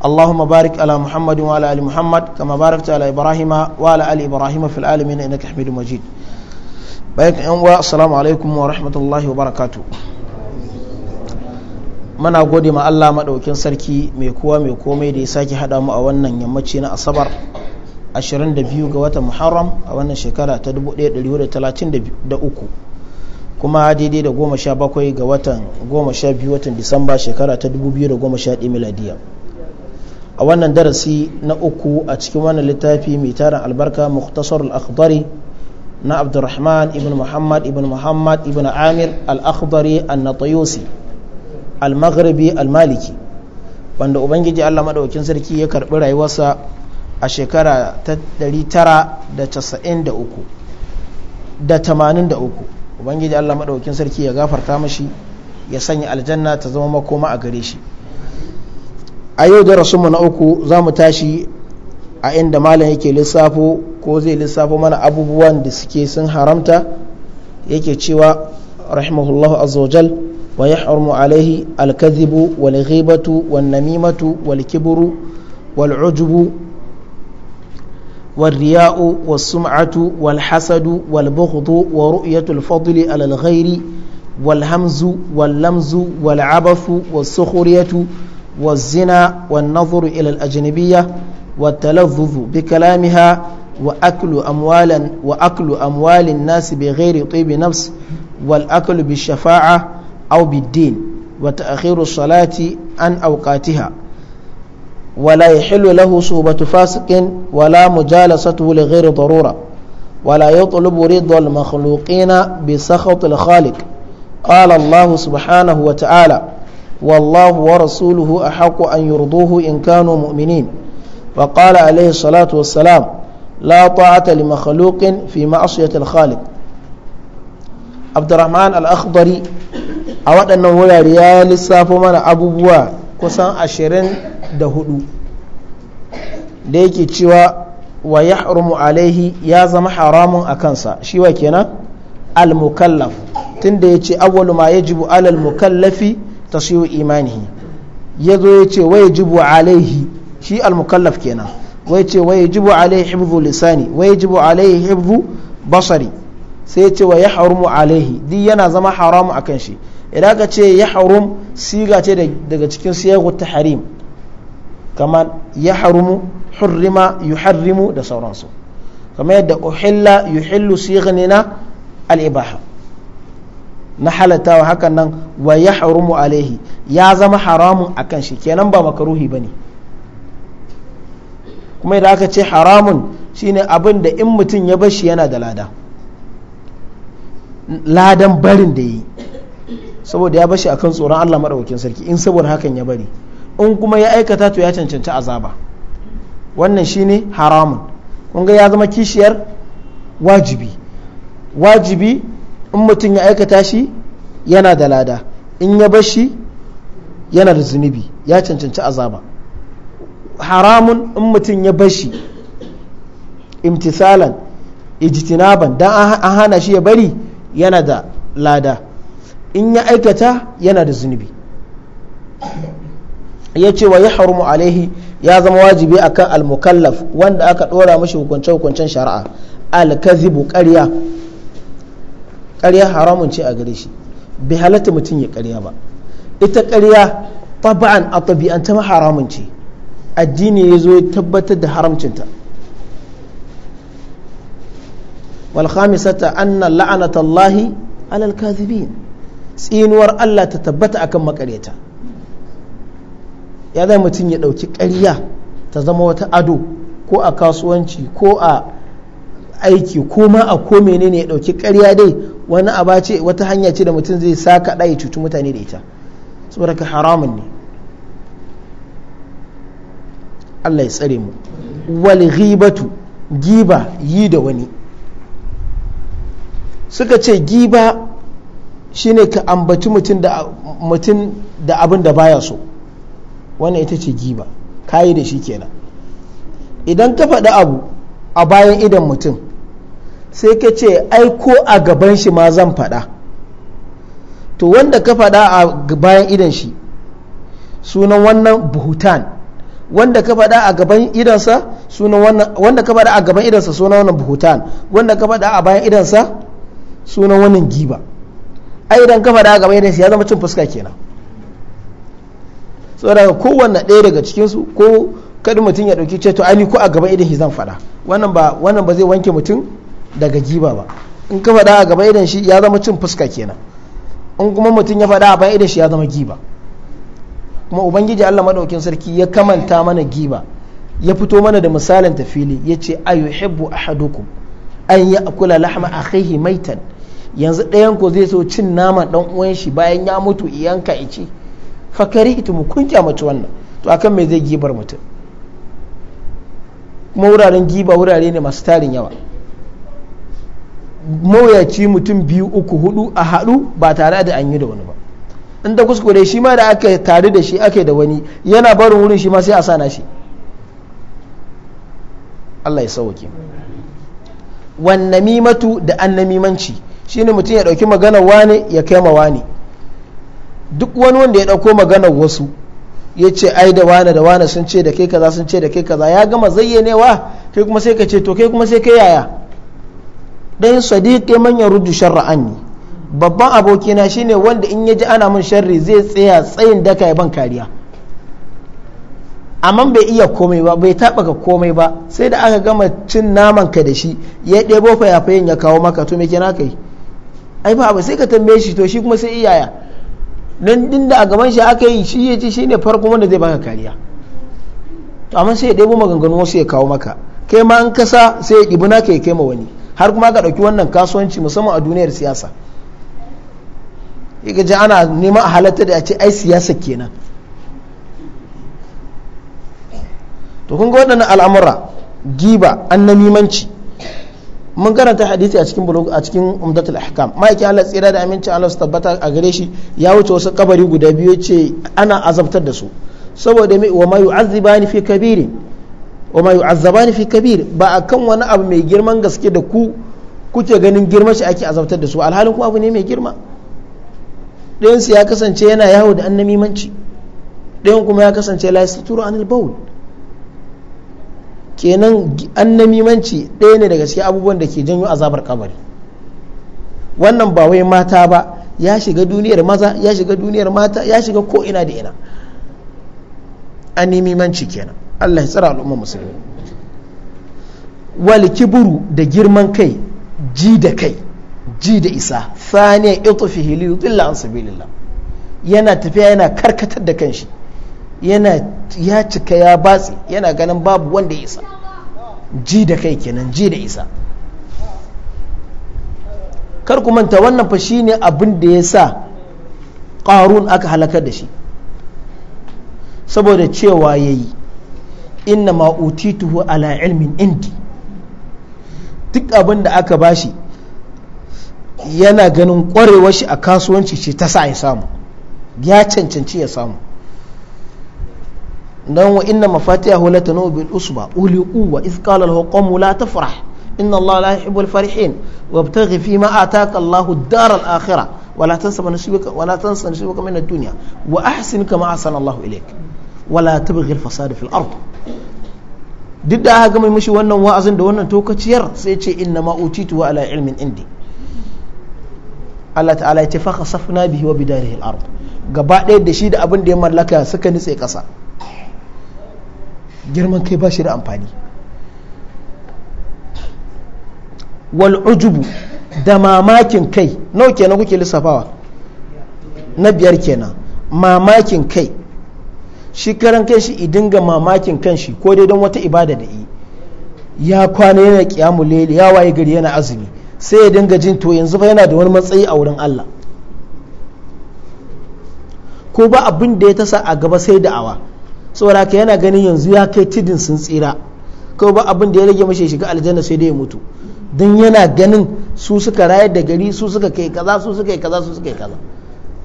اللهم بارك على محمد وعلى ال محمد كما باركت على ابراهيم وعلى ال ابراهيم في العالمين انك حميد مجيد بايك ان uwa assalamu alaikum wa rahmatullahi wa barakatu muna gode ma Allah madaukin sarki mai kowa mai komai da ya sake hada mu wannan yammaci na asabar 22 ga watan muharram a wannan shekara ta 1133 kuma daidai da 17 ga watan 12 watan disamba shekara ta 2011 miladiya a wannan darasi na uku a cikin wannan littafi mai tarin albarka muktasar al-akhdari na abdurrahman ibn muhammad ibn muhammad ibn amir al-akhdari an-natayusi al-maghribi al-maliki wanda ubangiji Allah madaukin sarki ya karbi rayuwarsa a shekara ta 993 da 83 ubangiji Allah madaukin sarki ya gafarta mashi ya sanya aljanna ta zama makoma a gare shi a yau da rasu na uku za mu tashi a inda malam yake lissafo ko zai lissafo mana abubuwan da suke sun haramta yake cewa rahimahullahu azawajal wa ya harmu alaihi alkazibu wal ghibatu wal namimatu wal kiburu wal ujubu wal riya'u was sum'atu wal hasadu wal bughdu wa ru'yatul fadli alal ghairi wal hamzu wal lamzu wal abathu was sukhriyatu والزنا والنظر إلى الأجنبية والتلذذ بكلامها وأكل أموال وأكل أموال الناس بغير طيب نفس والأكل بالشفاعة أو بالدين وتأخير الصلاة عن أوقاتها ولا يحل له صحبة فاسق ولا مجالسته لغير ضرورة ولا يطلب رضا المخلوقين بسخط الخالق قال الله سبحانه وتعالى والله ورسوله أحق أن يرضوه إن كانوا مؤمنين وقال عليه الصلاة والسلام لا طاعة لمخلوق في معصية الخالق عبد الرحمن الأخضري أود أنه ولا ريال السافمان أبو بوا كسان أشرين دهدو ليكي تشوى ويحرم عليه يا زم حرام أكنسا شوى كنا المكلف تندي أول ما يجب على المكلف tasiyu imanihi ya zo ya ce wai jibu alaihi shi almukallaf kenan wai ce wai jibu alaihi hibzu lisani wai jibu alaihi hibzu basari sai ya ce wa ya harumu alaihi duk yana zama haramu akan shi idan ka ce ya harum siga ce daga cikin siyagu ta harim kamar ya harumu hurrima yuharrimu da sauransu kamar yadda uhilla yuhillu sighnina al-ibaha na halattawa hakan nan wa ya harumu alaihi ya zama haramun a kan shi kenan ba makaruhi ba ne kuma idan aka ce haramun shine abin da in mutum ya bashi yana da lada ladan barin da yi saboda ya bashi akan tsoron Allah maɗaukakin sarki in saboda hakan ya bari in kuma ya aikata to ya cancanci azaba wannan shine haramun kun ya zama kishiyar wajibi wajibi in mutum ya aikata shi yana da lada in ya bar shi yana da zunubi ya cancanci azaba haramun in mutum ya bar shi imtisalan ijtinaban dan an hana shi ya bari yana da lada in ya aikata yana da zunubi ya ce wa ya harumu alaihi ya zama wajibi akan almukallaf wanda aka dora mashi hukunce-hukuncen shari'a al alkazibu karya ƙarya haramun ce a gare shi bai halatta mutum ya ƙarya ba ita ƙarya taba'an a tabi'anta ma haramun ce addini ya zo ya tabbatar da haramcinta wal khamisata anna la'anatallahi alal kadhibin tsinuwar Allah ta tabbata akan makareta ya zai mutum ya ɗauki ƙarya ta zama wata ado ko a kasuwanci ko a aiki ko ma a ko menene ya ɗauki ƙarya dai wani aba ce wata hanya ce da mutum zai sa kaɗa ya cuci mutane da ita saboda ka haramun ne Allah ya tsare mu wal ghibatu giba yi da wani suka ce giba shine ka ambaci mutum da mutum da abin da baya so wannan ita ce giba kayi da shi kenan idan ka faɗi abu a bayan idan mutum sai ka ce ai ko a gaban shi ma zan faɗa to wanda ka faɗa a bayan idan shi sunan wannan buhutan wanda ka faɗa a gaban idansa sunan wannan wanda ka faɗa a gaban idansa sunan wannan buhutan wanda ka faɗa a bayan idansa sunan wannan giba ai idan ka faɗa a gaban idansa ya zama cin fuska kenan saboda kowanne ɗaya daga cikin su ko kada mutum ya ɗauki ce to ai ko a gaban idan shi zan faɗa wannan ba wannan ba zai wanke mutum daga giba ba in ka faɗa a gaba idan shi ya zama cin fuska kenan in kuma mutum ya faɗa a bayan idan shi ya zama giba kuma ubangiji Allah madaukin sarki ya kamanta mana giba ya fito mana da misalin tafili ya ce a yuhibbu ahadukum an ya akula lahma akhihi maitan yanzu ɗayan ku zai so cin naman dan uwan shi bayan ya mutu iyanka ice fakarihtu mu kun kyamaci wannan to akan me zai gibar mutum kuma wuraren giba wurare ne masu tarin yawa mawuyaci mutum biyu uku hudu a haɗu ba tare da an yi da wani ba in da kuskure shi ma da aka tare da shi ake da wani yana barin wurin shi ma sai a sana shi Allah ya sauke wan namimatu da an shine mutum ya dauki maganar wani ya kai ma wani duk wani wanda ya dauko maganar wasu ya ce ai da wani da wani sun ce da kai kaza sun ce da kai kaza ya gama zayyanewa kai kuma sai ka ce to kai kuma sai kai yaya ɗayan sadiqi man yaruddu sharra anni babban abokina shine wanda in ya ji ana min sharri zai tsaya tsayin daka ya ban kariya amma bai iya komai ba bai taɓa ka komai ba sai da aka gama cin naman ka da shi ya ɗebo fayafayin ya kawo maka to me kina kai ai ba ba sai ka tambaye shi to shi kuma sai iyaya don din da a gaban shi aka yi shi ya ci shine farko wanda zai baka kariya to amma sai ya ɗebo maganganu wasu ya kawo maka kai ma an kasa sai ya ɗibi naka ya kai ma wani har kuma ka ɗauki wannan kasuwanci musamman a duniyar siyasa ya ji ana neman a halatta da a ce ai siyasa kenan to kun ga waɗannan al'amura giba annamimanci mun karanta hadisi a cikin blog a cikin umdatul ahkam ma'aikin Allah tsira da amincin Allah su tabbata a gare shi ya wuce wasu kabari guda biyu ce ana azabtar da su saboda mai wa ma yu'azzibani fi kabirin wa ma yu'azzabani fi kabir ba kan wani abu mai girman gaske da ku kuke ganin girma shi ake azabtar da su alhalin kuma abu ne mai girma ɗayan su ya kasance yana yawo da annamimanci ɗayan kuma ya kasance la yasturu anil bawl kenan annamimanci ɗaya ne daga cikin abubuwan da ke janyo azabar kabari wannan ba wai mata ba ya shiga duniyar maza ya shiga duniyar mata ya shiga ko ina da ina annamimanci kenan Allah ya tsira al'umma musulmi wal kibru da girman kai ji da kai ji da isa thaniya itfihi li yudilla an sabilillah yana tafiya yana karkatar da kanshi yana ya cika ya batsi yana ganin babu wanda ya isa ji da kai kenan ji da isa kar ku manta wannan fa shine abin da ya sa ƙarun aka halakar da shi saboda cewa yayi inna ma utituhu ala ilmin indi duk abin da aka bashi yana ganin kwarewar shi a kasuwanci ce ta sa ya samu ya cancanci ya samu dan wa inna mafatihahu latanu bil usba uli uwa iz qala lahu qawmu la tafrah inna allaha la yuhibbul farihin wabtaghi fi ma ataka allahu dar al-akhirah ولا تنسى نصيبك ولا تنسى wa من kama واحسن كما احسن الله اليك ولا تبغي الفساد في الارض duk da aka gama mishi wannan wa'azin da wannan tokaciyar sai ce inna ma utitu wa ala ilmin indi Allah ta'ala ya ce fa khasafna bihi wa bidarihi al-ard gaba ɗaya da shi da abin da ya mallaka suka nitse ƙasa girman kai ba shi da amfani wal ujubu da mamakin kai nawa kenan kuke lissafawa na biyar kenan mamakin kai shi karan kai shi idin ga mamakin kan shi ko dai don wata ibada da yi ya kwana yana kiyamu lele ya waye gari yana azumi sai ya dinga jin to yanzu fa yana da wani matsayi a wurin Allah ko ba abin da ya tasa a gaba sai da'awa saboda ka yana ganin yanzu ya kai tidin sun tsira ko ba abin da ya rage mashi shiga aljanna sai dai ya mutu Dan yana ganin su suka rayar da gari su suka kai kaza su suka kai kaza su suka kai kaza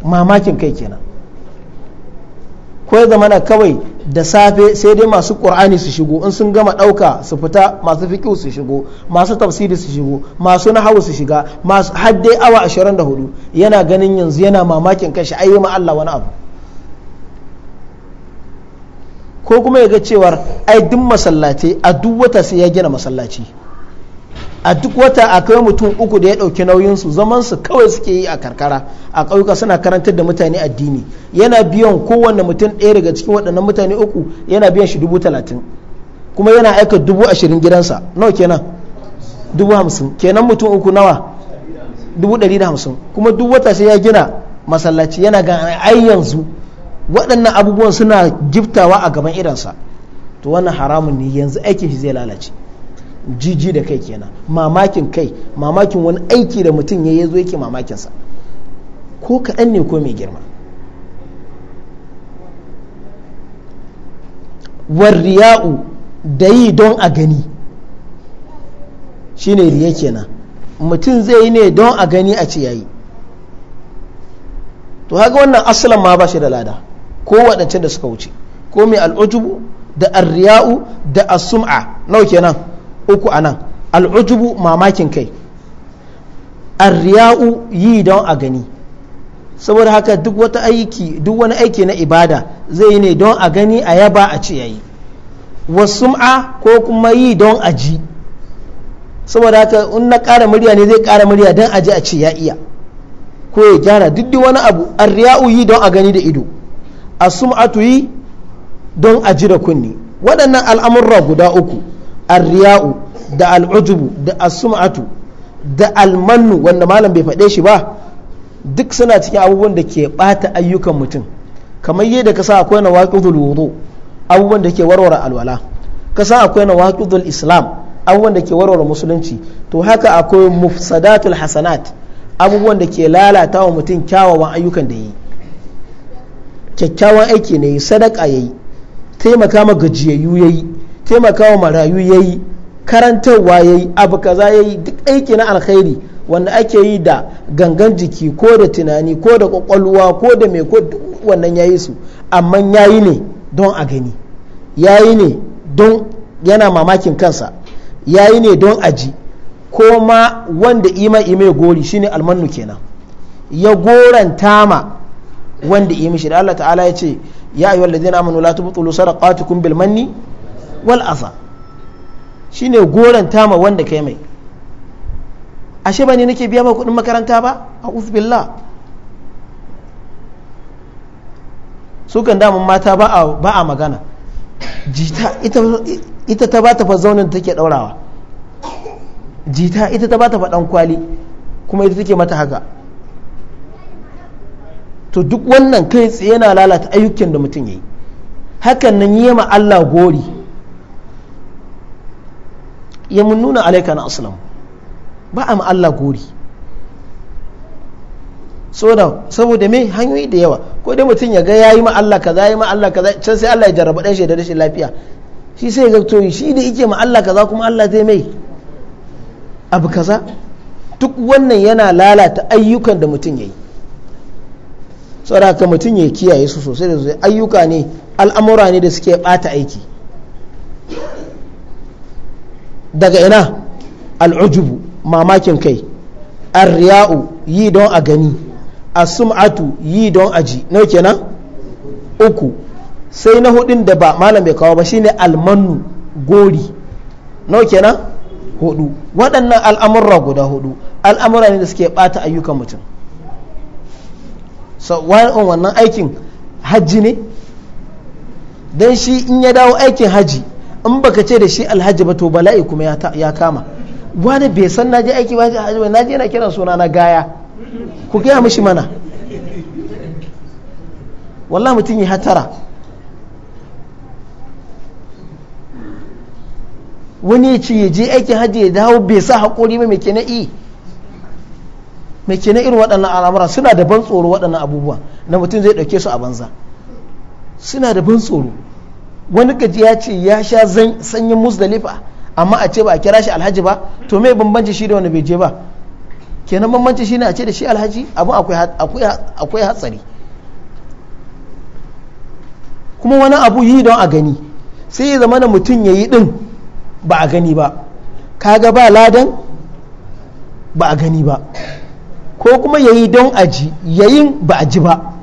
mamakin kai kenan ko ya zamana kawai da safe sai dai masu qur'ani su shigo in sun gama ɗauka su fita masu fiqh su shigo masu tafsiri su shigo masu nahawu su shiga masu har dai awa 24 yana ganin yanzu yana mamakin kashi ayi ma Allah wani abu ko kuma ya ga cewar ai duk masallatai a duk wata sai ya gina masallaci a duk wata akwai mutum uku da ya ɗauki nauyinsu su kawai suke yi a karkara a ƙauyuka suna karantar da mutane addini yana biyan kowanne mutum ɗaya daga cikin waɗannan mutane uku yana biyan shi dubu talatin kuma yana aika dubu ashirin gidansa nawa kenan dubu hamsin kenan mutum uku nawa dubu ɗari da hamsin kuma duk wata sai ya gina masallaci yana ga ai yanzu waɗannan abubuwan suna giftawa a gaban idansa to wannan haramun ne yanzu aikin shi zai lalace jiji da kai kenan mamakin kai mamakin wani aiki da mutum ya zo yake mamakinsa ko kaɗan ne ko mai girma warriya'u da yi don a gani shine riya kenan mutum zai yi ne don a gani a ce yayi to haka wannan asalin ma ba shi da lada ko waɗancan da suka wuce ko mai al'ujubu da arriya'u da asum'a nawa kenan uku a nan al'ujubu mamakin kai arriya'u yi don a gani saboda haka duk wata aiki duk wani aiki na ibada zai yi ne don a gani a yaba a ce yayi wasum'a ko kuma yi don a ji saboda haka in na ƙara murya ne zai ƙara murya don a ji a ce ya iya ko ya gyara duk wani abu arriya'u yi don a gani da ido asum'atu yi don a ji da kunni waɗannan al'amurra guda uku arriya'u da al'ujubu da asum'atu da almannu wanda malam bai faɗe shi ba duk suna cikin abubuwan da ke ɓata ayyukan mutum kamar yadda ka sa akwai na waƙidul wudu abubuwan da ke warware alwala ka sa akwai na waƙidul islam abubuwan da ke warware musulunci to haka akwai mufsadatul hasanat abubuwan da ke lalata wa mutum kyawawan ayyukan da yi kyakkyawan aiki ne sadaka yayi taimaka ma gajiyayyu yayi taimakawa marayu ya yi karantarwa ya yi abu kaza yi duk aiki na alkhairi wanda ake yi da gangan jiki ko da tunani ko da kwakwalwa ko da mai ko wannan ya yi su amma ya yi ne don a gani ya yi ne don yana mamakin kansa ya yi ne don a ji ko ma wanda ima ime gori shine almannu kenan ya goranta ma wanda imi shi da Allah ta'ala ya ce ya ayyuhallazina amanu la tubtilu sadaqatukum bil manni Wal'asa shi shine goren tama wanda kai mai ashe ba ne nake biya ma kuɗin makaranta ba a uzbillah su kan damun mata ba a magana jita ita ta bata fa zaunin take ɗaurawa jita ita ta bata fa ɗan kwali kuma ita take mata haka to duk wannan kai tsaye yana lalata ayyukan da mutum ya yi hakan nan yi ma Allah gori ya nuna alaika na aslam ba a Allah gori saboda me hanyoyi da yawa ko dai mutum ya ga yi ma Allah kaza yayi ma Allah kaza can sai Allah ya jarraba dan shi da rashin lafiya shi sai ga toyi shi da yake ma Allah kaza kuma Allah zai mai abu kaza duk wannan yana lalata ayyukan da mutum yi saboda ka mutum ya kiyaye su sosai da sosai ayyuka ne al'amura ne da suke bata aiki daga ina al'ujubu mamakin kai arriya'u yi don a gani asum'atu yi don a ji nau kenan uku sai na hudun da ba malam bai kawo ba shine almanu gori nau kenan hudu waɗannan al'amurra guda hudu al'amura ne da suke ɓata ayyukan mutum so wannan aikin hajji ne don shi in ya dawo aikin hajji in baka ce da shi alhaji ba to bala'i kuma ya kama wani bai san naje aiki ba alhaji ba naje yana kiran suna na gaya ku gaya mishi mana wallah mutum yi hatara wani ya ce ya je aikin hajji ya dawo bai sa haƙori ba mai ke na'i mai ke irin waɗannan al'amura suna da ban tsoro waɗannan abubuwa na mutum zai ɗauke su a banza suna da ban tsoro wani gaji ya ce ya sha sanyin musdalifa amma a ce ba a kira shi alhaji ba to me bambanci shi da wani bai je ba kenan bambanci shi ne a ce da shi alhaji abu akwai hatsari kuma wani abu yi don a gani sai ya zama da mutum ya yi din ba a gani ba kaga ba ladan ba a gani ba ko kuma ya yi don aji yayin ba a ji ba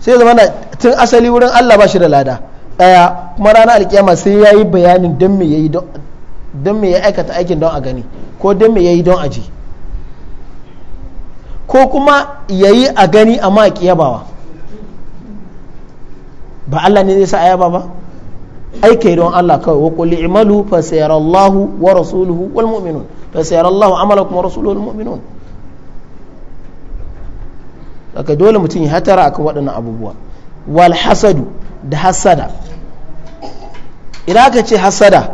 sai zama na tun asali wurin Allah ba shi da lada ɗaya kuma ranar alkiyama sai ya yi bayanin don me ya aikata aikin don a gani ko don me ya yi don a ji ko kuma ya yi a gani amma a ƙiyabawa ba Allah ne zai sa ayaba ba aikai don Allah kawai wakuli i'malu fasayar wa rasuluhu wal mu'minun fasayar sayarallahu amalakum rasuluhu wal mu'minun daga dole mutum ya hatara akan waɗannan abubuwa wal hasadu da hasada idan aka ce hasada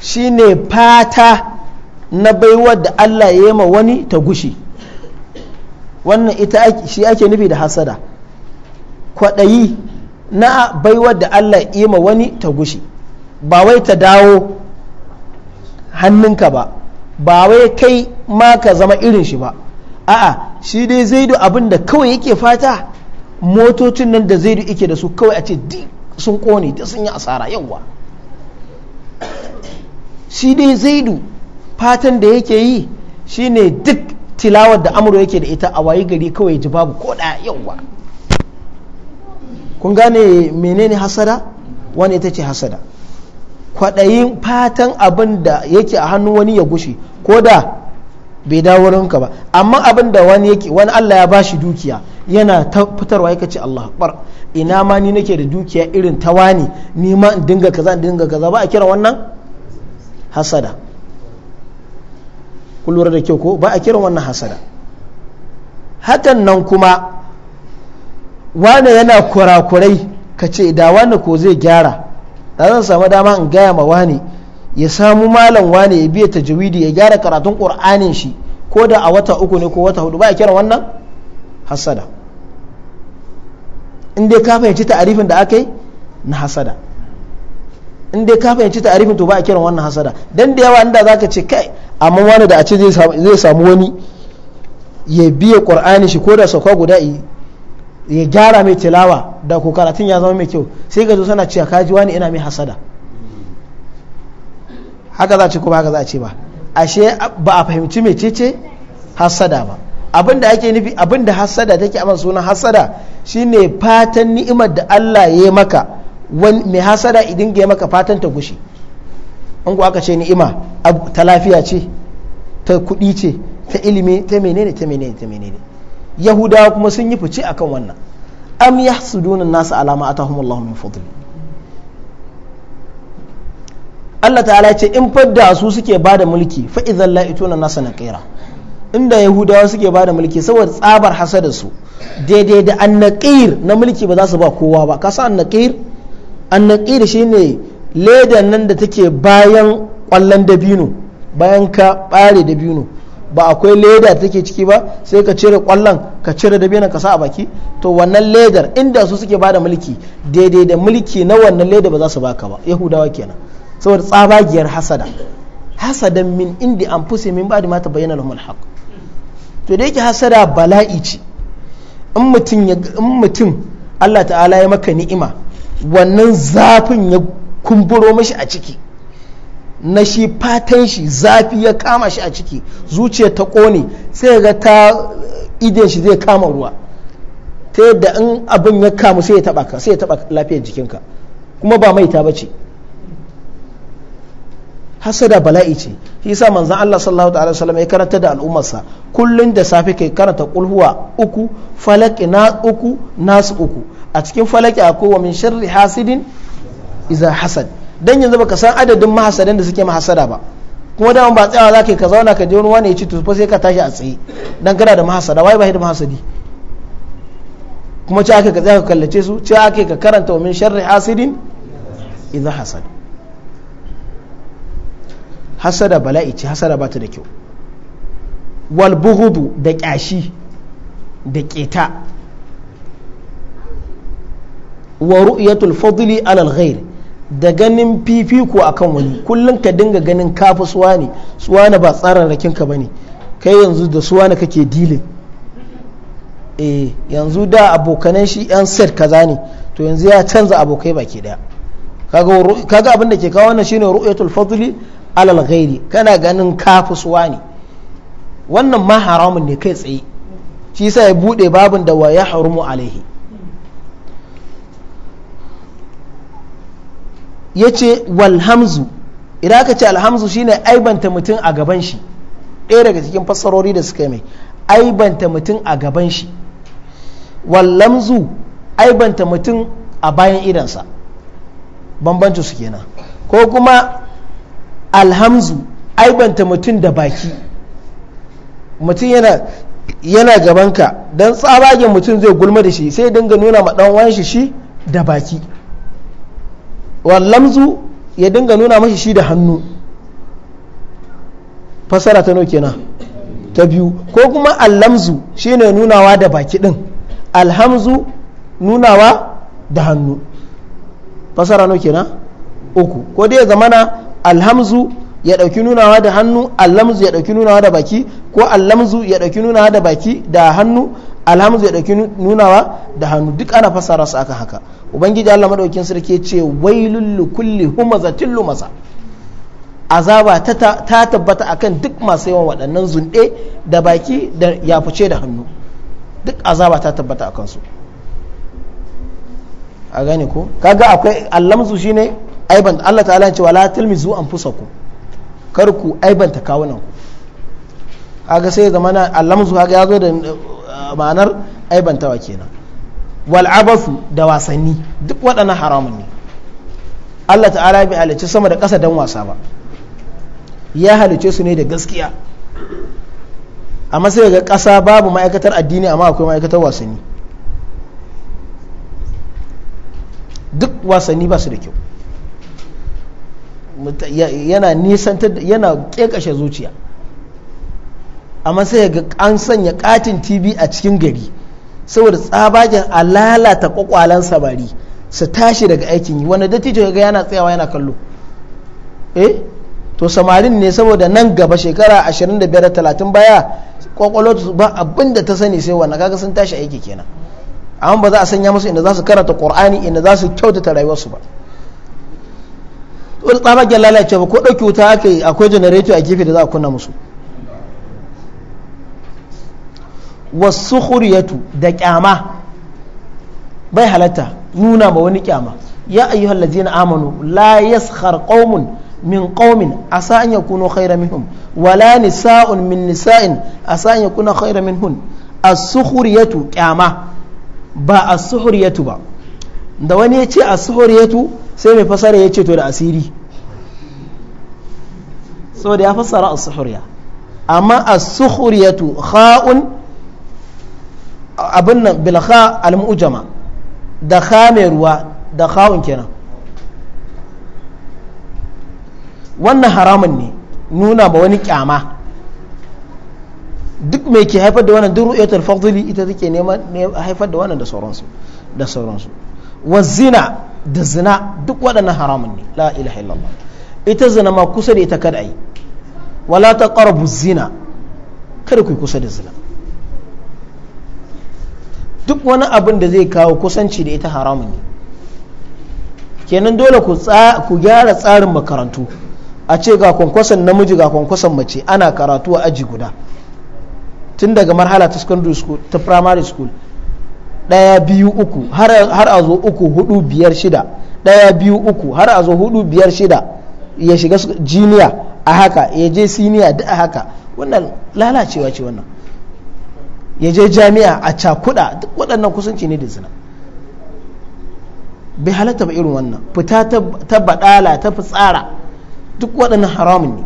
shine fata na baiwar da Allah ya yi wani ta gushi wannan ita shi ake nufi da hasada kwaɗayi na baiwar da Allah ya yi ma wani ta gushi ba wai ta dawo hannunka ba ba wai kai ma ka zama irin shi ba a'a shi dai zaidu abin da kawai yake fata motocin nan da zaidu yake da su kawai a ce di sun kone da sun yi asara yawa shi dai zaidu fatan da yake yi shine duk tilawar da amuro yake da ita a wayi gari kawai ji babu koda kun gane menene hasada wani ita ce hasada kwaɗayin fatan abin da yake a hannu wani ya gushi ko da bai dawo wurinka ba amma abin da wani yake wani Allah ya bashi dukiya yana ta fitarwa yake ce Allah akbar ina ma ni nake da dukiya irin ta wani ni ma in dinga kaza in dinga kaza ba a kira wannan hasada kun lura da kyau ko ba a kira wannan hasada hakan nan kuma wani yana kurakurai ka ce da wani ko zai gyara da zan samu dama in gaya ma wani ya samu malam wane ya biya jawidi ya gyara karatun ƙur'anin shi ko da a wata uku ne ko wata hudu ba a kiran wannan hasada in dai ka fahimci ta'arifin da aka yi na hasada in dai ka fahimci ta'arifin to ba a kiran wannan hasada dan da yawa inda zaka ce kai amma wani da a ce zai samu wani ya biya ƙur'anin shi ko da sauka guda ya gyara mai tilawa da ko karatun ya zama mai kyau sai ka zo sana cewa kaji wani ina mai hasada haka za a ce ko ba haka za ce ba ashe ba a fahimci mecece hasada ba abinda ake nufi abinda hasada take amma sunan hasada shine fatan ni'imar da Allah ya maka mai hasada idan ya maka fatan ta gushi an ku aka ce ni'ima ta lafiya ce ta kuɗi ce ta ilimi ta menene ta menene ta menene yahudawa kuma sun yi fice akan wannan am yahsuduna nasu alama atahumullahu min fadli Allah ta'ala ce in fadda su suke ba da mulki fa idan la'ituna nasa na kaira inda yahudawa suke ba da mulki saboda tsabar hasada su daidai da annaqir na mulki ba za su ba kowa ba ka san annaqir annaqir shine ledan nan da take bayan kwallon dabino bayan ka bare dabino ba akwai leda da take ciki ba sai ka cire kwallon ka cire dabino ka sa a baki to wannan ledar inda su suke ba da mulki daidai da mulki na wannan leda ba za su baka ba yahudawa kenan saboda tsabagiyar hasada hasadan min indi an fuse min ba'di ma bayyana lahum alhaq to da yake hasada bala'i ce in mutum ya in mutum Allah ta'ala ya maka ni'ima wannan zafin ya kumburo mashi a ciki na shi fatan shi zafi ya kama shi a ciki zuciya ta kone sai ga ta idan shi zai kama ruwa ta yadda in abin ya kamu sai ya taba ka sai ya taba lafiyar jikinka kuma ba maita bace hasada bala'i ce shi yasa manzon Allah sallallahu alaihi wasallam ya karanta da al'ummarsa kullun da safe kai karanta kulhuwa uku falaki na uku nasu uku a cikin falaki akwai wa min sharri hasidin iza hasad dan yanzu baka san adadin mahasadan da suke mahasada ba kuma da ba tsayawa zaka ka zauna ka je wani wani ya ci tufa sai ka tashi a tsaye dan kana da mahasada wai ba da mahasadi kuma ce aka ka tsaya ka kallace su ce aka ka karanta wa min sharri hasidin iza hasad hasada bala'i ce hasada ba ta da kyau wal buhudu da kyashi da keta wa ru'yatul fadli alal ghair da ganin fifiko akan wani kullum ka dinga ganin kafi suwani suwani ba tsararrakin ka bane kai yanzu da suwani kake dilin eh yanzu da abokanan shi yan set kaza ne to yanzu ya canza abokai baki daya kaga abin da ke kawo wannan shine ru'yatul fadli alal ghairi kana ganin kafuswa ne wannan ma haramun ne kai tsaye shi yasa ya bude babin da wa ya harumu alaihi yace wal hamzu idan aka ce alhamzu shine aibanta mutum a gaban shi ɗaya daga cikin fassarori da suka mai aibanta mutum a gaban shi wallamzu aibanta mutum a bayan idansa bambanci su kenan ko kuma alhamzu aibanta mutum da baki mutum yana yana gabanka don tsabagen mutum zai gulma da shi sai dinga nuna ma dan shi shi da baki wallamzu ya dinga nuna mashi shi da hannu fasara ta nauke na ta biyu ko kuma allamzu shine nunawa da baki din alhamzu nunawa da hannu fasara nauke na uku ko dai zamana alhamzu ya ɗauki nunawa da hannu allamzu ya ɗauki nunawa da baki ko allamzu ya ɗauki nunawa da baki da hannu alhamzu ya ɗauki nunawa da hannu duk ana fasara su aka haka ubangiji Allah madaukakin sarki ce wailul kulli humazatin lumasa azaba ta tabbata akan duk masu yawan waɗannan zunɗe da baki da ya fice da hannu duk azaba ta tabbata akan su a gane ko kaga akwai allamzu shine aibanta Allah ta'ala ya ce wala tilmizu anfusakum kar ku aibanta kawunan ku kaga sai zama na allamzu kaga ya zo da eh, ma'anar aibantawa kenan wal abathu da wasanni duk waɗannan haramun ne Allah ta'ala bai halicci sama da ƙasa dan wasa ba ya halicce su ne da gaskiya amma sai ga ƙasa babu ma'aikatar addini amma akwai ma'aikatar wasanni duk wasanni ba su da kyau yana nisantar yana kekashe zuciya amma sai ga an sanya katin tv a cikin gari saboda tsabagen a lalata kwakwalen samari su tashi daga aikin yi wanda dattijo ga yana tsayawa yana kallo eh to samarin ne saboda nan gaba shekara 25-30 baya kwakwalo ba abin da ta sani sai wannan kaga sun tashi aiki kenan amma ba za a sanya musu inda za su karata kur'ani inda za su kyautata rayuwarsu ba lalace ba ko ɗauki wuta aka yi akwai janareto a gefe da za a kunna musu wasu huriyatu da kyama bai halatta nuna ma wani kyama ya ayi ayyuhal na amanu la yaskhar qaumun min qaumin asa an yakunu khayra minhum wala nisa'un min nisa'in asa an yakuna khayra minhun as suhuriyatu kyama ba as suhuriyatu ba da wani ya ce as suhuriyatu sai mai fasara ya ce to da asiri saboda ya fassara as-suhriya amma as-suhriyatu kha'un abin nan bil kha al-mu'jama da kha mai ruwa da kha'un kenan wannan haramun ne nuna ba wani kyama duk mai ke haifar da wannan duk ru'yatul fadli ita take neman haifar da wannan da sauransu da sauransu wa zina da zina duk waɗannan haramun ne la ilaha illallah ita zina ma kusa da ita kada ai wala ta ƙarabu zina kada ku kusa da zina duk wani abin da zai kawo kusanci da ita haramun ne kenan dole ku gyara tsarin makarantu a ce ga kwankwason namiji ga kwankwason mace ana karatu a aji guda tun daga marhala ta secondary school ta primary school ɗaya biyu uku har a zo uku hudu biyar shida ɗaya biyu uku har a zo hudu biyar shida ya shiga jiniya a haka ya je siniya duk a haka wannan lalacewa ce wannan ya je jami'a a cakuda duk waɗannan kusanci ne da zina bai halatta ba irin wannan fita ta baɗala ta fi tsara duk waɗannan haramun ne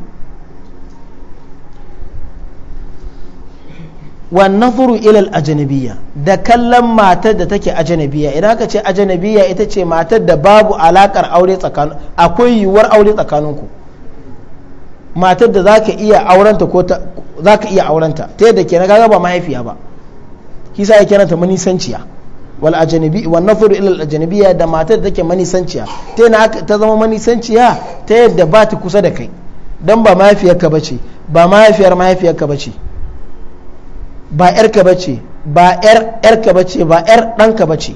wannan furu ilal ajanabiya da kallon matar da take ajanabiya idan aka ce ajanabiya ita ce matar da babu alakar aure tsakanin akwai yiwuwar aure tsakaninku matar da za ka iya aurenta ko za iya aurenta ta yadda kenan kaga ba mahaifiya ba kisa ya kiranta manisanciya wal ajnabi wan nafaru ila al ajnabiya da matar da take manisanciya ta yana ta zama manisanciya ta yadda ba ta kusa da kai dan ba mahaifiyar ka bace ba mahaifiyar ka bace ba ka bace ba yar ka bace ba yar ka bace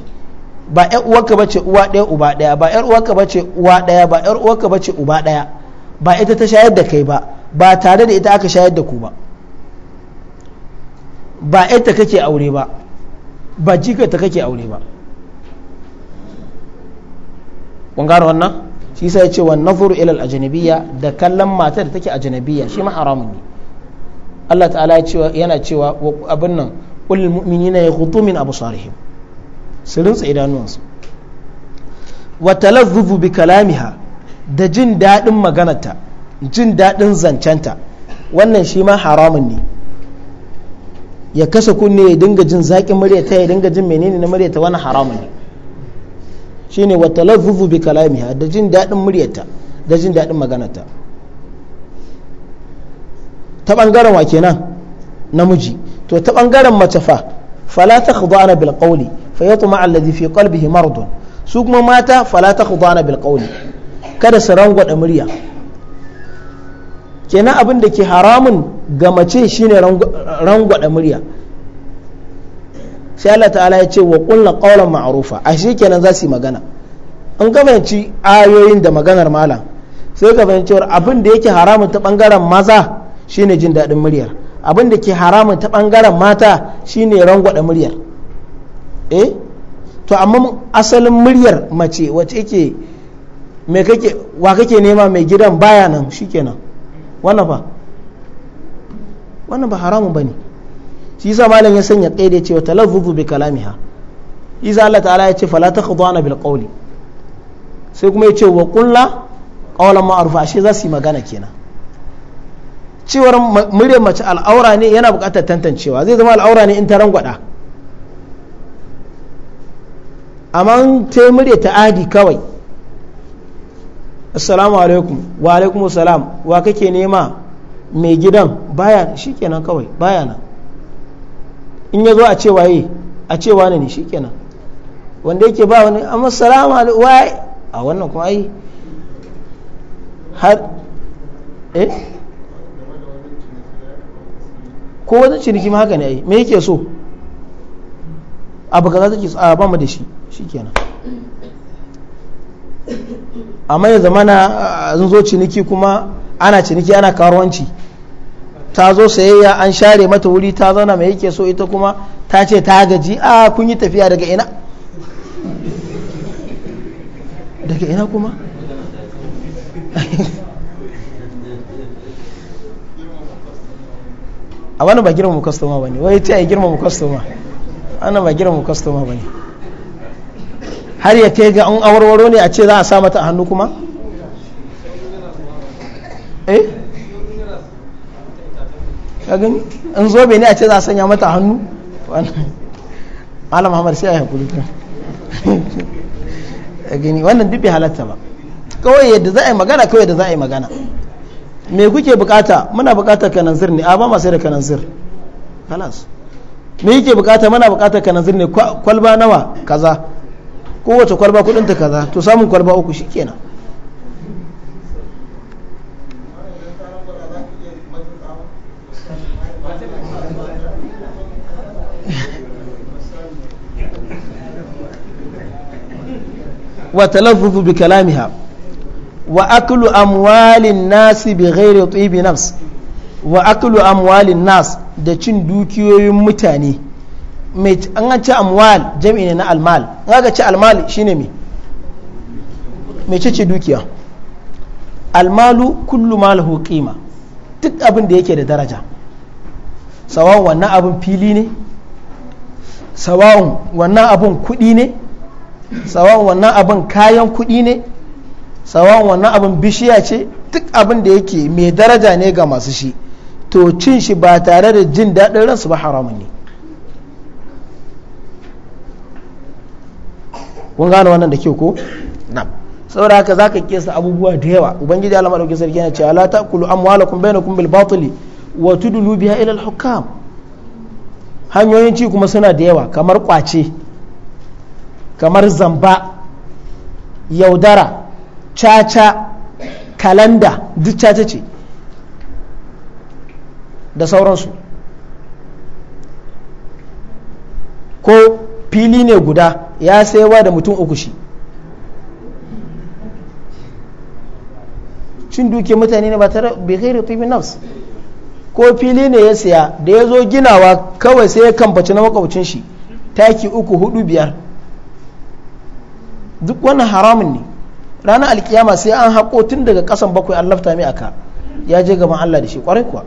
ba yar ka bace uwa daya uba daya ba yar ka bace uwa daya ba yar ka bace uba daya ba ita ta shayar da kai ba ba tare da ita aka shayar da ku ba ba ita kake aure ba ba jikarta kake aure ba kun gano wannan shi sai ce nazuru ilal ajnabiyya da kallon matar da take ajnabiyya shi ma haramun ne Allah ta'ala yana cewa abin nan qul lil mu'minina yaghuddu min absarihim su rintsa idanuwansu wa talazzuzu bi kalamiha da jin daɗin maganarta jin daɗin zancenta wannan shi ma haramun ne ya kasa kunne ya dinga jin zaƙin muryata ya dinga jin menene na muryata wani haramun ne Shi ne wata lafufu bi ha, da jin daɗin muryata da jin daɗin maganarta ta ɓangaren wa kenan namiji to ta ɓangaren mace fa fala ta khudana bil qawli fa yatma alladhi fi qalbihi maradun su kuma mata fala ta khudana bil qawli kada su rangwada murya kenan abin da ke haramun ga mace shine rangwada murya sai Allah ta'ala ya ce wa kulla qawlan ma'rufa a shi kenan za su yi magana in ga ayoyin da maganar malam sai ka fahimci abin da yake haramun ta bangaren maza shine jin daɗin muryar abin da ke haramun ta bangaren mata shine rangwada murya eh to amma asalin muryar mace wacce yake me wa kake nema mai gidan baya nan shikenan wannan ba wannan ba haramun ne shi yasa malam ya sanya kaide cewa talaffuzu bi kalamiha iza Allah ta'ala ya ce fala takhdana bil qawli sai kuma ya ce wa qulla qawlan ma'rufa shi za su yi magana kenan cewar muryar mace al'aura ne yana buƙatar tantancewa zai zama al'aura ne in ta rangwada amma ta murya ta adi kawai assalamu alaikum wa alaikum salam wa kake nema mai gidan baya shikenan kawai baya na in ya zo a ce waye a ce wane ne shikenan wanda yake ba wani amma salamu alaikum wa a wannan kuma ai har eh ko wani ciniki ma haka ne ai me yake so abu kaza take so a ba mu da shi shikenan amma ya zamana sun zo ciniki kuma ana ciniki ana karuwanci ta zo sayayya an share mata wuri ta zauna mai yake so ita kuma ta ce ta gaji a kun yi tafiya daga ina daga ina kuma a wani ba girmama kwastoma ba ne wai ta yi mu kwastoma wani ba mu kwastoma ba ne har ya kai ga an awarwaro ne a ce za a sa mata hannu kuma eh in zo ne a ce za a sanya mata hannu malam Muhammad sai a hakuri ka gani wannan duk bai halatta ba kawai yadda za a yi magana kawai yadda za a yi magana me kuke bukata muna bukata kananzir ne a ba ma da da kananzir kalas me yake bukata muna bukata kananzir ne kwalba nawa kaza kowace kwalba ta kaza to samun kwalba uku shikenan wa talaffufu bi kalamiha wa aklu amwalin nasi bi ghairi tibi nafs wa aklu amwalin nas da cin dukiyoyin mutane mai an ce amwal jami'i ne na almal in aka ce almal shine me mai ce dukiya almalu kullu malahu qima duk abin da yake da daraja sawan wannan abin fili ne sawan wannan abin kudi ne sawan wannan abin kayan kudi ne sawan wannan abin bishiya ce duk abin da yake mai daraja ne ga masu shi to cin shi ba tare da jin daɗin ransu ba haramun ne kun gane wannan da ke ko na. saboda haka zaka kesa abubuwa da yawa ubangiji Allah madaukakin sarki yana cewa la kun amwalakum bainakum bil batili wa tudlu biha ila al hukam hanyoyin ci kuma suna da yawa kamar kwace kamar zamba yaudara caca kalanda duk caca ce da sauransu ko fili ne guda ya saiwa da mutum uku shi cin duke mutane ne ba tare bi ghairi tibin nafs ko fili ne ya siya da ya zo ginawa kawai sai ya kamfaci na makwabcin shi taki uku hudu biyar duk wannan haramun ne ranar alkiyama sai an haƙo tun daga ƙasan bakwai an lafta mai aka ya je gaban Allah da shi kwarai kuwa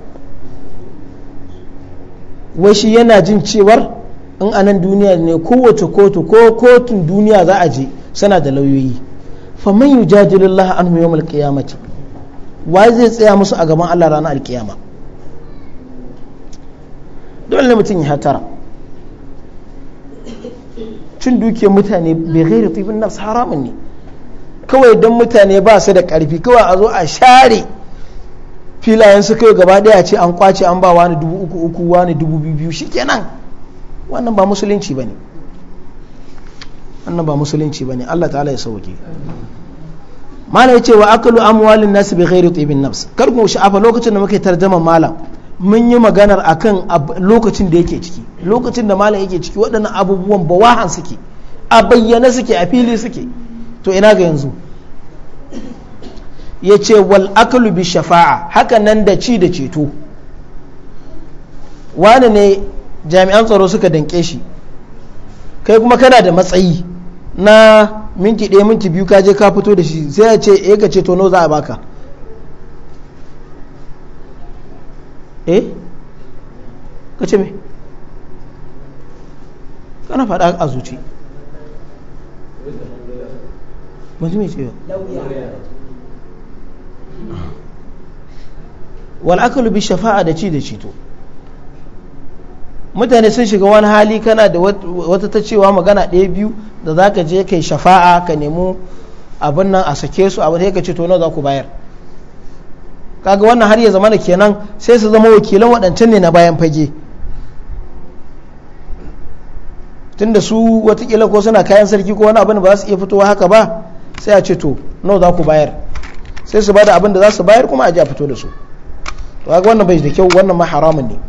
wai shi yana jin cewar in anan duniya ne kowace kotu ko kotun duniya za a je suna da lauyoyi fa man yujadilullah anhu yawm qiyamati wa zai tsaya musu a gaban Allah ranar alkiyama dole mutum ya hatara cin dukiyar mutane bai gairi tibin nafs haramun ne kawai dan mutane ba su da karfi kawai a zo a share filayen su kai gaba daya ce an kwace an ba wani dubu uku uku wani dubu biyu biyu shikenan wannan ba musulunci bane wannan ba musulunci bane Allah ta'ala ya sauke mana ya ce wa akalu amwalin nasu bai ghairi tsibin nafs kar ku sha'afa lokacin da muke tarjama malam mun yi maganar akan lokacin da yake ciki lokacin da malam yake ciki waɗannan abubuwan ba wahan suke a bayyana suke a fili suke to ina ga yanzu ya ce wal akalu bi shafa'a haka nan da ci da ceto wani ne jami'an tsaro suka danke shi kai kuma kana da matsayi na minti ɗaya minti biyu kaje ka fito da shi sai ya ce eh ka ce tono za a baka eh ka ce me kana faɗa a zuci ban mai ce wal bi shafa'a da ci da to mutane sun shiga wani hali kana da wata ta cewa magana ɗaya biyu da za ka je kai shafa'a ka nemo abin nan a sake su abin sai ka ce tono nawa za ku bayar kaga wannan har ya zamana kenan sai su zama wakilan waɗancan ne na bayan fage tunda su watakila ko suna kayan sarki ko wani abin ba za su iya fitowa haka ba sai a ce to nawa za ku bayar sai su bada abin da za su bayar kuma a ji a fito da su to kaga wannan bai da kyau wannan ma haramun ne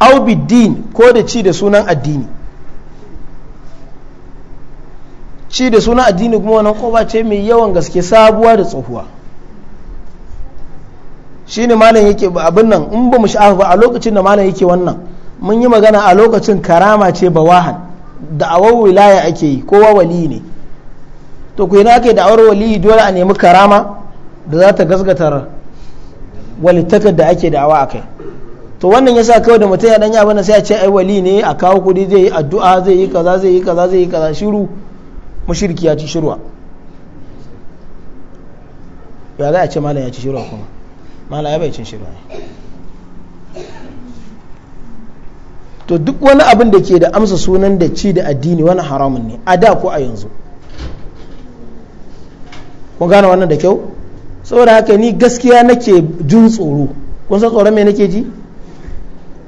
au biddin ko da ci da sunan addini ci da sunan addini kuma wannan koba ce mai yawan gaske sabuwa da tsohuwa Shi ne malam yake abin nan in ba mu sha'afa ba a lokacin da malam yake wannan mun yi magana a lokacin karama ce ba wahan da da'awar wilaya ake yi kowa wali ne to ku da awar wali dole a nemi karama da za ta gasgatar walittakar da ake da'awa a kai to wannan yasa kawai da mutum ya danya bana sai a ce ai wali ne a kawo kudi zai yi addu'a zai yi kaza zai yi kaza zai yi kaza shiru mushriki ya ci shirwa ya za a ce malam ya ci shirwa kuma malam ya bai cin shirwa to duk wani abin da ke da amsa sunan da ci da addini wani haramun ne a da ko a yanzu kun gane wannan da kyau saboda haka ni gaskiya nake jin tsoro kun san tsoron me nake ji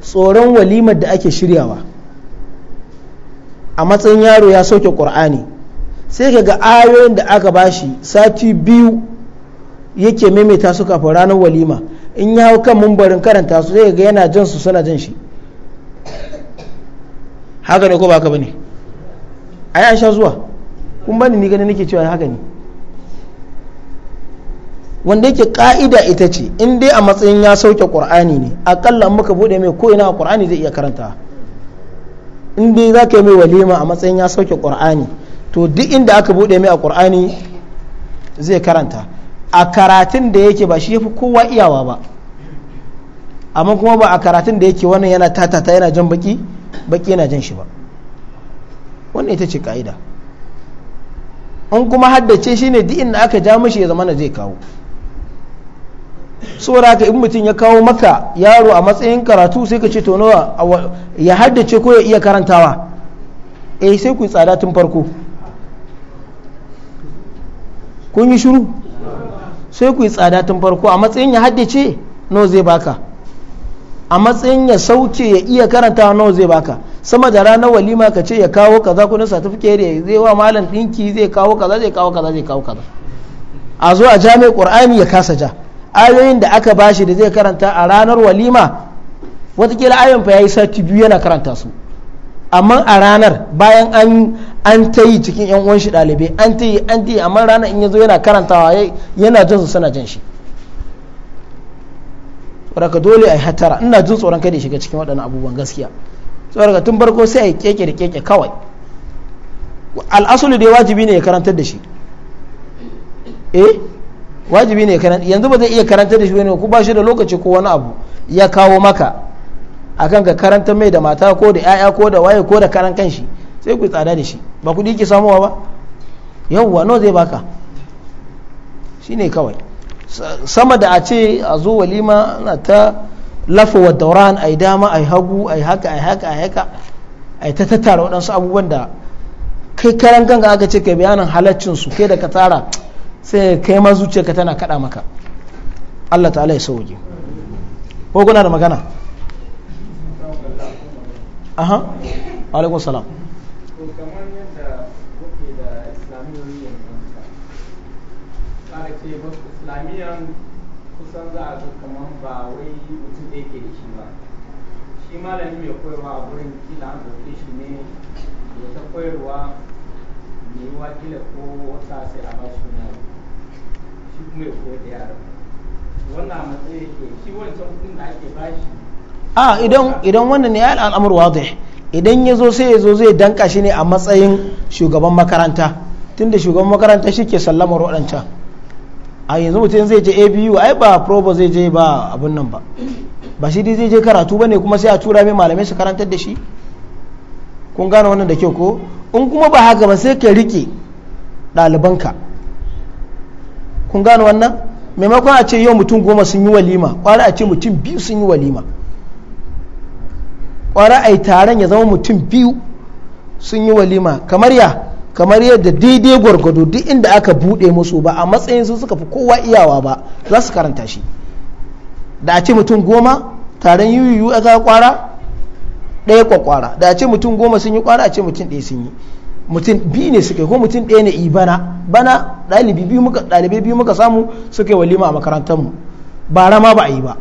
tsoron walimar da ake shiryawa a matsayin yaro ya sauke ƙur'ani sai ga ayoyin da aka bashi sati biyu yake maimaita su kafin ranar walima in ya hau kan mumbarin karanta su sai ga yana jin su suna jin shi haka ne ko ba ka bane ai an sha zuwa kun bani ni gani nake cewa haka ne wanda yake ka'ida ita ce in dai a matsayin ya sauke qur'ani ne akalla muka bude mai ko ina qur'ani zai iya karanta in dai za ka yi mai walima a matsayin ya sauke qur'ani to duk inda aka bude mai a qur'ani zai karanta a karatun da yake ba shi yafi kowa iyawa ba amma kuma ba a karatun da yake wannan yana tatata yana jan baki baki yana jan shi ba wannan ita ce ka'ida in kuma haddace shine duk inda aka ja mashi ya zama na zai kawo saboda haka in mutum ya kawo maka yaro a matsayin karatu sai ka ce to nawa ya haddace ko ya iya karantawa eh sai ku tsada tun farko kun yi shiru sai ku tsada tun farko a matsayin ya haddace nawa zai baka a matsayin ya sauke ya iya karantawa, nawa zai baka sama da ranar walima ka ce ya kawo kaza kudin certificate zai wa malam dinki zai kawo kaza zai kawo kaza zai kawo kaza a zo a jami'ar qur'ani ya kasa ja ayoyin da aka bashi da zai karanta a ranar walima watakila ayon fa ya yi sati biyu yana karanta su amma a ranar bayan an an ta yi cikin yan uwan shi dalibai an ta yi an ta yi amma ranar in yazo yana karantawa yana jin su suna jin shi saboda dole ai hatara ina jin tsoron kada ya shiga cikin waɗannan abubuwan gaskiya saboda tun farko sai ai keke da keke kawai al'asulu dai wajibi ne ya karantar da shi eh wajibi ne karanta yanzu ba zai iya karanta da shi ne ku ba shi da lokaci ko wani abu ya kawo maka akan ka karanta mai da mata ko da yaya ko da waye ko da karan kanshi sai ku tsada da shi ba kuɗi ki samuwa ba yawwa no zai baka shine kawai sama da a ce a zo walima na ta lafa wa dauran ai dama ai hagu ai haka ai haka ai haka ai ta tattara waɗansu abubuwan da kai karan kanka aka ce kai bayanin halaccinsu su kai da ka tsara. sai kai ma zuciyarka tana kada maka Allah ta'ala ya sauke ko kuna da magana aha alaikum salam islamiyan kusan za a ga kamar ba wai mutum da yake da shi ba shi malami mai koyarwa a wurin kila an ɗauke shi ne ya ta koyarwa mai yiwa kila ko wata sai a bashi wani shi kuma ya koyar da yaran wannan matsayi ke shi wancan kudin da ake bashi a idan idan wannan ne ya al'amur wadih idan ya zo sai ya zo zai danka shi ne a matsayin shugaban makaranta tunda shugaban makaranta shi ke sallamar waɗancan a yanzu mutum zai je abu ai ba probo zai je ba abin nan ba ba shi zai je karatu ba ne kuma sai a tura mai malamai su karantar da shi kun gane wannan da kyau ko in kuma ba haka ba sai ka rike ɗalibanka kun gano wannan maimakon a ce yau mutum goma sun yi walima kwara a ce mutum biyu sun yi walima kwara a yi taron ya zama mutum biyu sun yi walima kamar ya kamar yadda daidai gwargwado duk inda aka buɗe musu ba a matsayin su suka fi kowa iyawa ba za su karanta shi da a ce mutum goma taron yiwu aka kwara ɗaya kwakwara da a ce mutum goma sun yi kwara a ce mutum ɗaya sun yi mutum biyu ne suke ko mutum ɗaya ne iya bana ɗalibi biyu muka ɗalibai biyu muka samu suke walima a makarantar mu ba rama ba a yi ba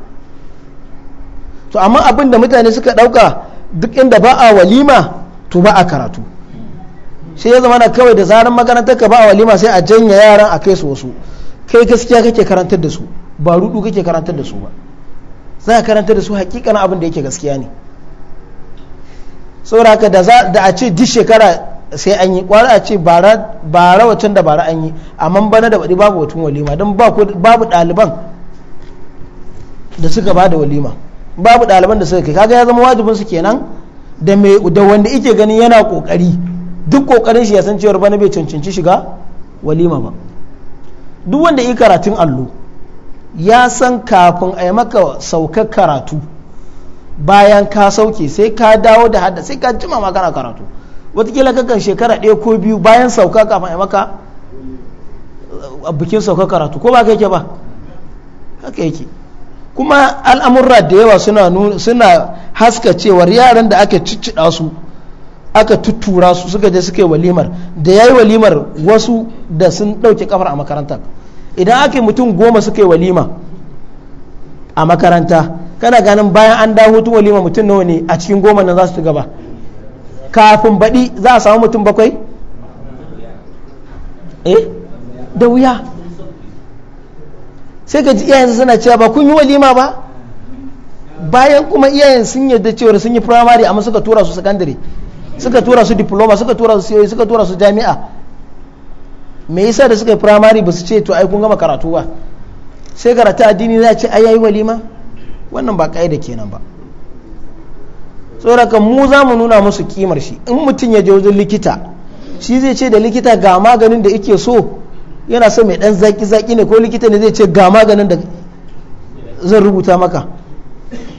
to amma abin da mutane suka ɗauka duk inda ba a walima to ba a karatu sai ya zama na kawai da zaran makarantar ka ba a walima sai a janya yaran a kai su wasu kai gaskiya kake karantar da su ba rudu kake karantar da su ba za ka karantar da su hakikanin abin da yake gaskiya ne saboda haka da a ce duk shekara sai an yi kwara a ce ba rawacin da bara an yi amma bana da baɗi babu wacin walima don babu ɗaliban da suka ba da walima babu ɗaliban da suka kai kaga ya zama wajibinsu kenan da wanda ike ganin yana kokari duk ƙoƙarin shi ya san cewar bana bai cancanci shiga walima ba duk wanda yi karatun allo ya san kafin a yi maka sauka karatu bayan ka sauke sai ka dawo da hada sai ka jima ma kana karatu watakila kakan shekara ɗaya ko biyu bayan sauka kafin a maka a bikin sauka karatu ko ba ka yake ba haka yake kuma al'amurra da yawa suna haska cewar yaran da aka ciccida su aka tuttura su suka je suka yi walimar da ya yi walimar wasu da sun ɗauke kafar a makaranta idan aka mutum goma suka yi walima a makaranta kana ganin bayan an dawo tun walima mutum nawa ne a cikin goma nan za su ci gaba kafin baɗi za a samu mutum bakwai eh da wuya sai ka ji iyayen suna cewa ba kun yi walima ba bayan kuma iyayen sun yarda cewa sun yi firamare amma suka tura su sakandare suka tura su diploma suka tura su siyoyi e, suka tura su jami'a me yasa da suka yi firamare ba su ce to ai kun gama karatu ba sai karatu addini za a ce ai yayi walima wannan ba ka'ida kenan ba tsoraka mu za mu nuna musu kimar shi in mutum ya je wajen likita shi zai ce da likita ga maganin da yake so yana so mai dan zaki zaki ne ko likita ne zai ce ga maganin da zan rubuta maka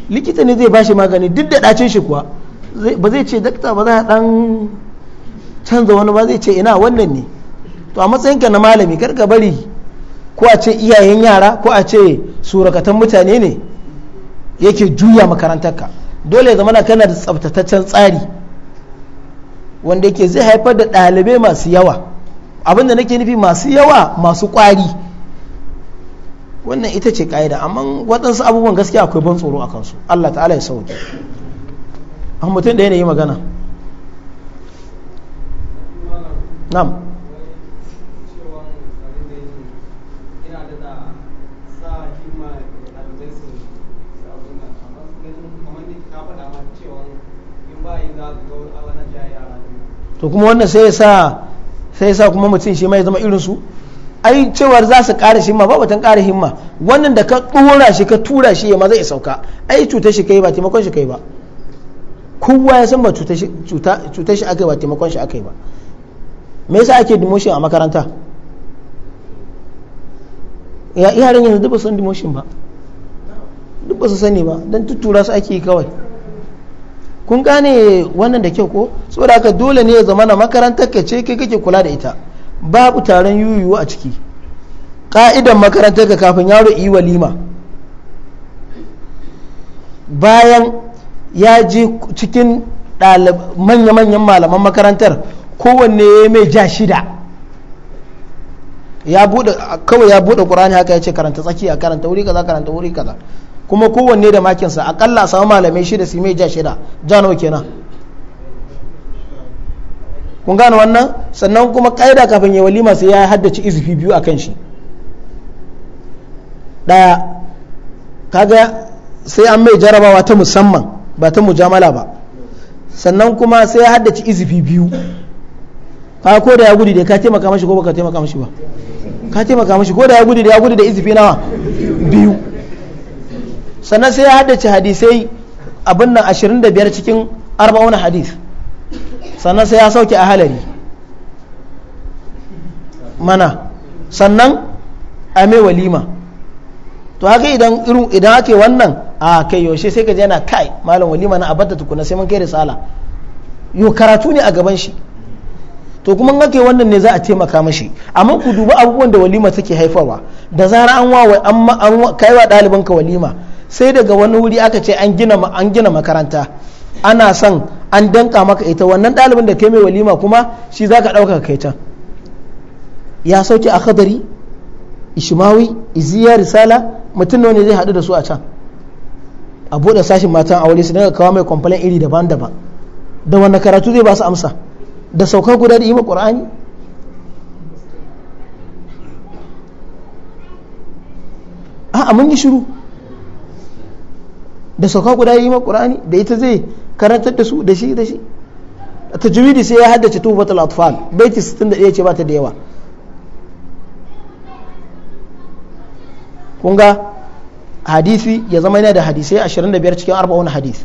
likita ne zai bashi magani duk da dacin shi kuwa ba zai ce dakta ba za a dan canza wani ba zai ce ina wannan ne to a matsayin ka na malami kar ka bari ko a ce iyayen yara ko a ce surakatan mutane ne yake juya makarantarka dole zama na kana da tsabtataccen tsari wanda yake zai haifar da ɗalibai masu yawa abinda nake nufi masu yawa masu ƙwari wannan ita ce ƙa'ida amma waɗansu abubuwan gaskiya akwai ban tsoro a kansu allah ta'ala ya sauke an mutum da yanayi magana to kuma wannan sai ya sa sai ya sa kuma mutum shi mai ya zama irin su ai cewar za su ƙara himma ba batun ƙara himma wannan da ka ɗora shi ka tura shi ya ma zai sauka ai cutar shi kai ba taimakon shi kai ba kowa ya san ba cutar shi akai ba taimakon shi akai ba me yasa ake demotion a makaranta ya yaran yanzu duk ba san demotion ba duk ba su sani ba don tuttura su ake yi kawai kun gane wannan da kyau ko saboda haka dole ne ya zama na makarantar ka ce kai kake kula da ita babu taron yuyu a ciki ka'idan makarantar ka kafin yaro yi walima bayan ya je cikin manya-manyan malaman makarantar kowanne ya mai ja shida kawai ya bude qur'ani haka ya ce karanta tsakiya karanta wuri kaza karanta wuri kaza kuma kowanne da makinsa akalla a samu malamai shida su mai ja shida ja nawa kenan kun gane wannan sannan kuma kaida kafin ya walima sai ya haddace izifi biyu a kan shi daya kaga sai an mai jarabawa ta musamman ba ta mujamala ba sannan kuma sai ya haddace izifi biyu ka ko da ya gudu da ka taimaka mashi ko baka taimaka mashi ba ka taimaka mashi ko da ya gudu da ya gudu da izifi nawa biyu sannan sai ya haddace hadisai abin nan 25 cikin 40 hadis sannan sai ya sauke a halari mana sannan a mai walima to haka idan irin idan ake wannan a kai yaushe sai ka je yana kai malam walima na abadda tukuna sai mun kai risala yo karatu ne a gaban shi to kuma in ake wannan ne za a taimaka mashi amma ku duba abubuwan da walima take haifarwa da zara an wa an kaiwa ɗaliban ka walima sai daga wani wuri aka ce an gina an gina makaranta ana son an danka maka ita wannan ɗalibin da kai mai walima kuma shi za ka ɗauka kai can ya sauke a hadari ishmawi iziya risala mutum ne zai haɗu da su a can a buɗe sashin matan aure su daga kawo mai kwamfalin iri daban-daban da wannan karatu zai ba su amsa da sauka guda da yi ƙur'ani a mun yi shiru da sauka guda yi ma qur'ani da ita zai karantar da su da shi da shi tajwidi sai ya haddace tufatul atfal baiti 61 ce ba ta da yawa kun ga hadisi ya zama yana da hadisai 25 cikin 40 hadis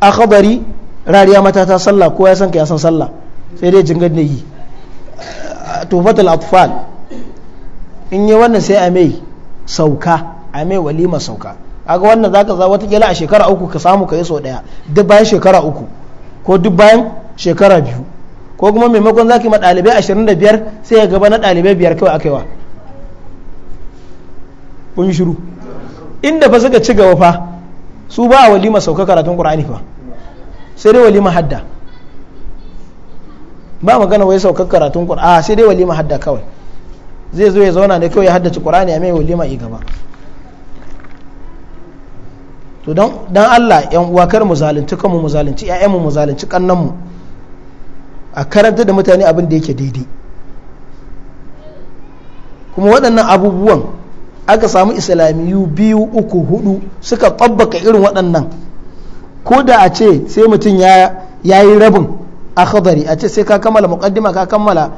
a khabari rariya mata ta sallah ko ya san ka ya san sallah sai dai jingar da yi tufatul atfal in yi wannan sai a mai sauka a mai walima sauka ga wannan zaka za wata kila a shekara uku ka samu ka yi sau daya duk bayan shekara uku ko duk bayan shekara biyu ko kuma maimakon zaki ma ɗalibai ashirin da biyar sai ya gaba na ɗalibai biyar kawai wa kun yi shiru inda fa suka ci gaba fa su ba a walima sauka karatun qur'ani fa sai dai walima hadda ba magana wai saukar karatun ƙur'ani sai dai walima hadda kawai zai zo ya zauna ne kawai ya haddace ƙur'ani a mai walima i gaba to don Allah yan uwa kar mu zalunci kanmu mu zalunci ƴaƴanmu mu zalunci kannanmu a karanta da mutane abin da yake daidai kuma waɗannan abubuwan aka samu islamiyu biyu uku hudu suka tabbaka irin waɗannan ko da a ce sai mutum ya yi rabin a khadari a ce sai ka kammala muqaddima ka kammala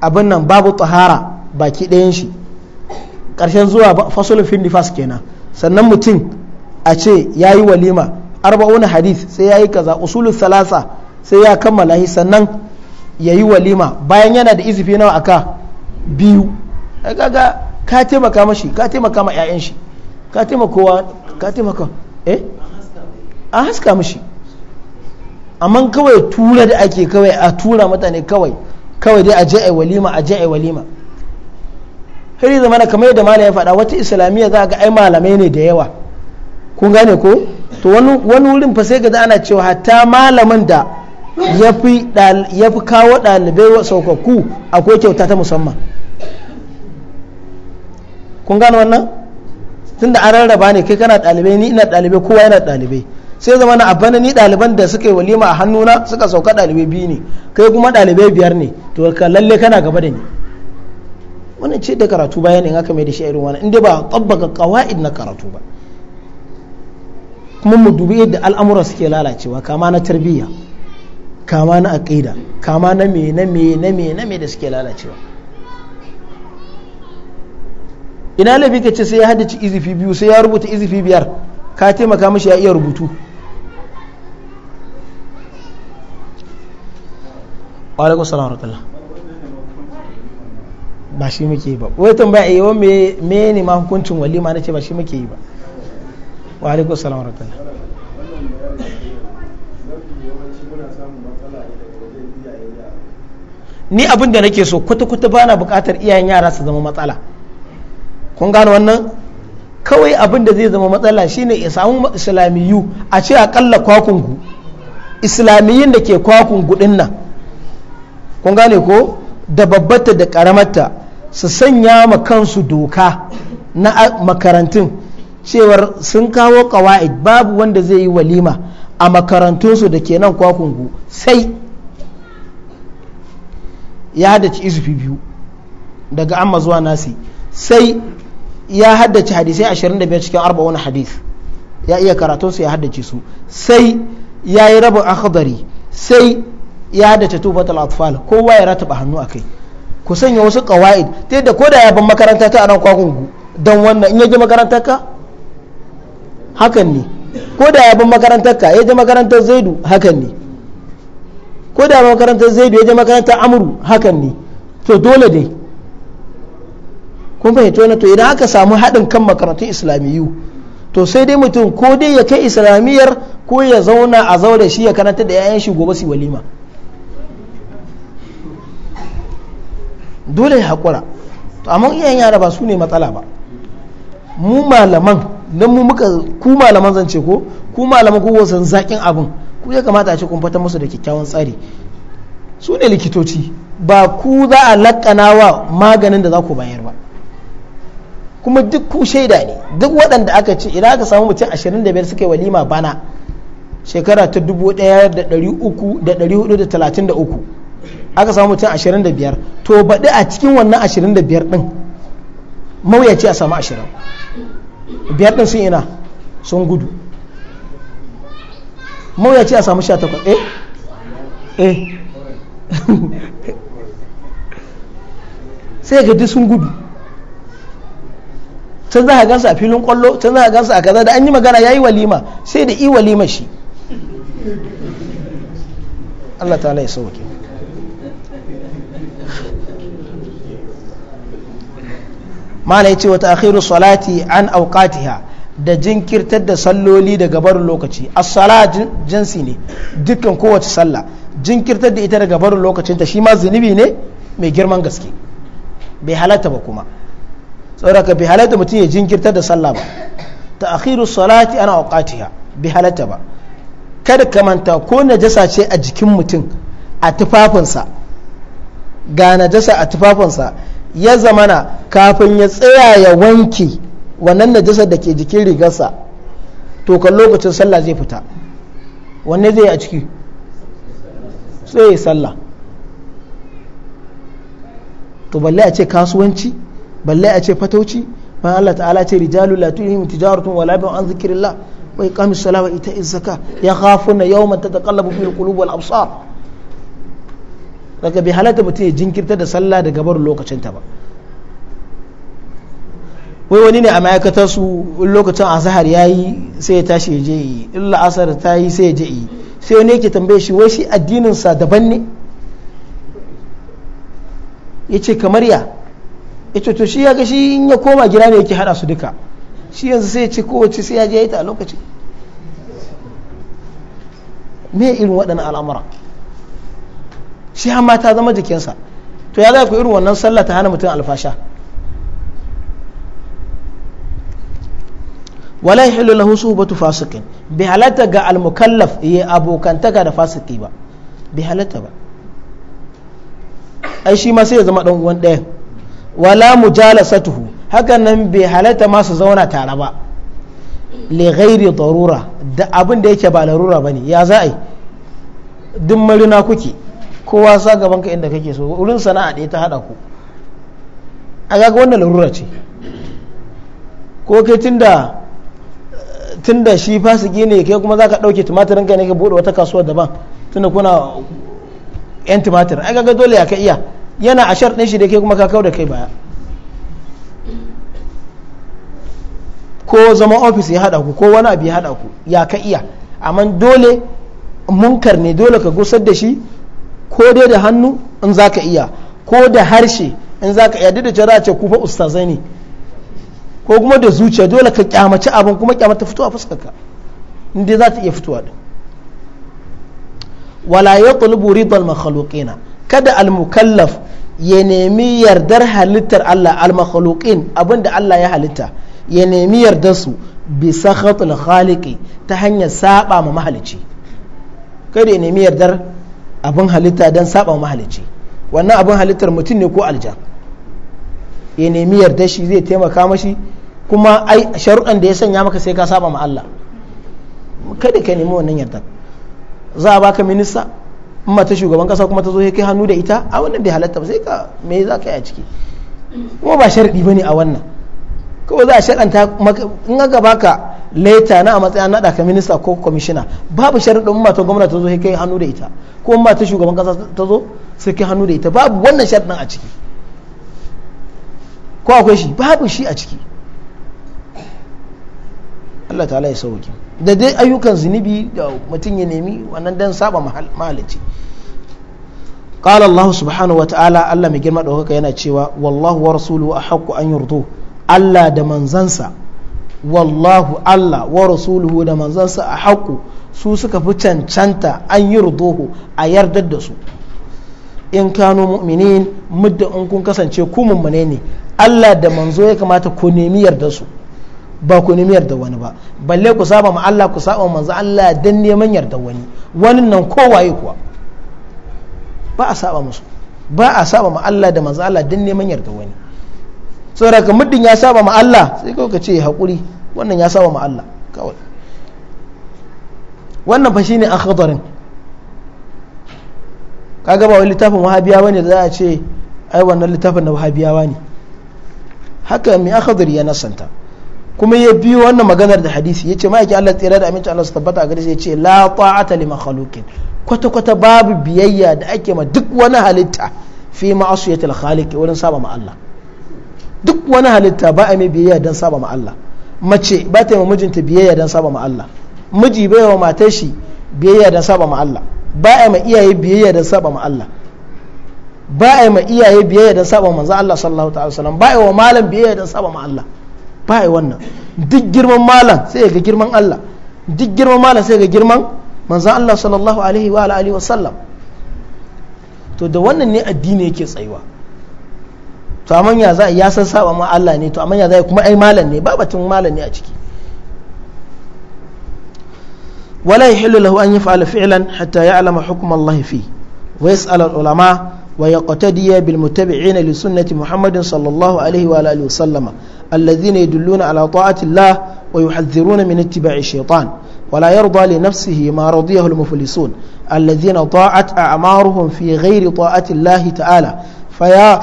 abin nan babu tahara baki ɗayan shi ƙarshen zuwa fasulun fin kenan sannan mutum a ce ya yi walima arba'una hadith sai ya yi kaza usulul salasa sai ya kammala shi sannan ya yi walima bayan yana da izifi nawa aka biyu kaga ka taimaka mashi ka taimaka ma 'ya'yan shi ka taimakowa ka taimaka eh a haska mashi amma kawai tura da ake kawai a tura mutane kawai kawai dai a je ai walima a je ai walima har zama na kamar yadda malam ya faɗa wata islamiyya za ga ai malamai ne da yawa kun gane ko to wani wurin fa sai gada ana cewa hatta malamin da ya fi kawo ɗalibai saukakku akwai kyauta ta musamman kun gane wannan tun da an rarraba ne kai kana ɗalibai ni ina ɗalibai kowa yana ɗalibai sai zama na abana ni ɗaliban da suka yi walima a hannuna suka sauka ɗalibai biyu ne kai kuma ɗalibai biyar ne to ka lalle kana gaba da ni wannan ce da karatu bayan in aka mai da shi irin wani inda ba tabbaka kawaida na karatu ba kuma mu dubi yadda al'amura suke lalacewa kama na tarbiyya kama na aƙida kama na me na me na me na me da suke lalacewa ina labi ka ce sai ya haddace izifi biyu sai ya rubuta izifi biyar ka taimaka mashi ya iya rubutu alaikum salam rahmatullah ba shi muke yi ba wai tambaya yi eh, wa me ne ma hukuncin walima na ce ba shi muke yi ba wa salam ni abin da nake so kwata-kwata bana bukatar iyayen yara su zama matsala kun gano wannan kawai abin da zai zama matsala shine ya samu islamiyu a ce akalla kwakungu islamiyin da ke kwakungu din nan kun gane ko da babbata da karamata su sanya ma kansu doka na makarantun cewar sun kawo kawa'id babu wanda zai yi walima a makarantunsu da ke nan kwakungu sai ya haddace izufi biyu daga amma zuwa nasi sai ya haddace hadisai 25 cikin 40 hadis ya iya karatunsu ya haddace su sai ya yi rabin akhdari sai ya haddace tufatul atfal kowa ya rataba hannu a kai ku sanya wasu kawa'id ta yadda ko da ya ban makaranta ta a nan kwakungu don wannan in ya makaranta ka hakan ne ko da ya bi makarantar ka ya je makarantar zaidu hakan ne ko da makarantar zaidu ya je makarantar amuru hakan ne to dole dai kun fahimci wannan to idan aka samu haɗin kan makarantun islamiyu to sai dai mutum ko dai ya kai islamiyar ko ya zauna a zaure shi ya karanta da 'ya'yan shi gobe su walima dole ya haƙura to amma iyayen yara ba su ne matsala ba mu malaman don mu muka ku malaman zance ko ku malaman ku wasan zakin abin ku ya kamata a ce kun fata musu da kyakkyawan tsari su ne likitoci ba ku za a lakana wa maganin da za ku bayar ba kuma duk ku shaida ne duk waɗanda aka ce idan aka samu mutum 25 suka yi walima bana shekara ta 1333 aka samu mutum 25 to baɗi a cikin wannan 25 ɗin mawuyaci a samu 20 biyar ɗin sun ina sun gudu mawuyaci a samu sha takwas eh eh sai ga duk sun gudu can za a gansu a filin kwallo can za a gansu a kaza da an yi magana ya yi walima sai da i walima shi Allah ta ya sauke mala yace wa akhiru salati an awqatiha da jinkirtar da salloli daga barin lokaci as-sala jinsi ne dukkan kowace sallah jinkirtar da ita daga barin lokacinta shi ma zunubi ne mai girman gaske bai halatta ba kuma tsoraka bai halatta mutum ya jinkirtar da sallah ba akhiru salati ana awqatiha bai halatta ba kada ka manta ko najasa ce a jikin mutum a tufafinsa ga najasa a tufafinsa ya zamana kafin ya tsaya ya wanke wannan najasar da ke jikin rigarsa to kan lokacin sallah zai fita wanne zai a ciki tsaye sallah to balle a ce kasuwanci balle a ce fatauci bayan Allah ta'ala ce rijalu la tulhim tijaratun wala bi'un an zikrillah wa iqamis wa ita'iz zakah ya khafuna yawman tataqallabu fihi alqulub wal absar daga bai halatta mutum ya jinkirta da sallah daga barin lokacinta ba wai wani ne a ma'aikatar su lokacin azahar ya yi sai ya tashi ya je yi in la'asar ta yi sai ya je yi sai wani yake tambaye shi wai shi addininsa daban ne ya ce kamar ya ya ce to shi ya ga shi in ya koma gida ne yake hada su duka shi yanzu sai ya ce kowace sai ya je ya yi ta a lokacin me irin waɗannan al'amura shi hamma ta zama jikinsa to ya za ku irin wannan sallah ta hana mutum alfasha wala yahillu lahu suhbatu fasiqin bi halatta ga almukallaf yi abokantaka da fasiki ba bi halatta ba ai shi ma sai ya zama dan uwan ɗayan wala mujalasatuhu hakan nan bi halatta ma su zauna tare ba li ghairi darura da abin da yake ba larura bane ya za a duk marina kuke kowa sa gaban ka inda kake so wurin sana'a ɗaya ta haɗa ku a ga wanda larura ce ko kai tunda tunda shi fasiki ne kai kuma zaka ɗauke tumatirin ka ne ka buɗe wata kasuwa daban tunda kuna yan tumatir ai ga dole ya ka iya yana a shar ɗin shi da kai kuma ka kau da kai baya ko zama ofis ya haɗa ku ko wani abu ya haɗa ku ya ka iya amma dole munkar ne dole ka gusar da shi ko dai da hannu in za ka iya ko da harshe in za ka iya duk da jira ce ku fa ustazai ne ko kuma da zuciya dole ka kyamaci abin kuma kyamata fito a fuskarka in dai za ta iya fitowa din wala ya tulubu ridal makhluqina kada al-mukallaf ya nemi yardar halittar Allah al-makhluqin abinda Allah ya halitta ya nemi yardar su bi sakhatul khaliqi ta hanyar saba ma mahalici kada ya nemi yardar abin halitta don saba mahalicci wannan abin halittar mutum ne ko aljan ya nemi yarda shi zai taimaka mashi kuma ai sharuɗan da ya sanya maka sai ka saba ma Allah kada ka nemi wannan yarda za a baka minista in mata shugaban kasa kuma ta zo kai hannu da ita a wannan bai halatta ba sai ka me za ka yi a ciki kuma ba sharadi bane a wannan kawai za a shaɗanta in aka baka leta na a matsayin naɗa ka minista ko kwamishina babu sharaɗin in mata gwamnati ta zo kai hannu da ita ko in mata shugaban ƙasa ta zo sai kai hannu da ita babu wannan sharaɗin a ciki ko akwai shi babu shi a ciki Allah ta ya sauke da dai ayyukan zunubi da mutum ya nemi wannan dan saba mahalicci قال الله سبحانه وتعالى الله مجرم دوكا yana cewa wallahu wa rasuluhu ahqqu an yurduhu Allah da manzansa wallahu Allah wa rasuluhu da manzansa a haƙu su suka fi cancanta an yi rudohu a yardar da su in kano mu'minin mudda in kun kasance ku mummune ne Allah da manzo ya kamata ku nemi yarda su ba ku nemi yarda wani ba balle ku saba ma Allah ku saba manzo Allah dan neman yarda wani wani nan kowaye kuwa ba a saba musu ba a saba ma Allah da manzo Allah dan neman yarda wani saboda ka muddin ya saba ma Allah sai kawai ka ce hakuri wannan ya saba ma Allah kawai wannan fa shine akhdarin kaga ba wani littafin wahabiyawa ne da za a ce ai wannan littafin na wahabiyawa ne haka mai akhadir ya nasanta kuma ya biyo wannan maganar da hadisi ya ce ma'aikin Allah tsira da aminci Allah su tabbata a gare shi ce la ta'ata li makhluqin kwata kwata babu biyayya da ake ma duk wani halitta fi ma'asiyatil khaliq wurin saba ma Allah duk wani halitta ba a mai biyayya don saba ma Allah mace ba ta yi mijinta biyayya don saba ma Allah miji bai wa matar shi biyayya don saba ma Allah ba a ma iyaye biyayya don saba ma Allah ba a ma iyaye biyayya don saba manzo Allah sallallahu ta'ala wasallam ba a wa malam biyayya don saba ma Allah ba a wannan duk girman malam sai ga girman Allah duk girman malam sai ga girman manzo Allah sallallahu alaihi wa alihi sallam to da wannan ne addini yake tsayuwa to amma ya za ya san saba ma Allah ne to amma ya za kuma ai malam ne ba batun malam ne a ciki wala yahillu lahu an yaf'ala fi'lan hatta ya'lama hukm Allah fi wa yas'al al-ulama wa yaqtadiya bil mutabi'in li sunnati Muhammadin sallallahu alaihi wa alihi wa sallama alladhina yadulluna ala ta'ati Allah wa yuhadhdhiruna min ittiba'i shaytan ولا يرضى لنفسه ما رضيه المفلسون الذين طاعت أعمارهم في غير طاعة الله تعالى فيا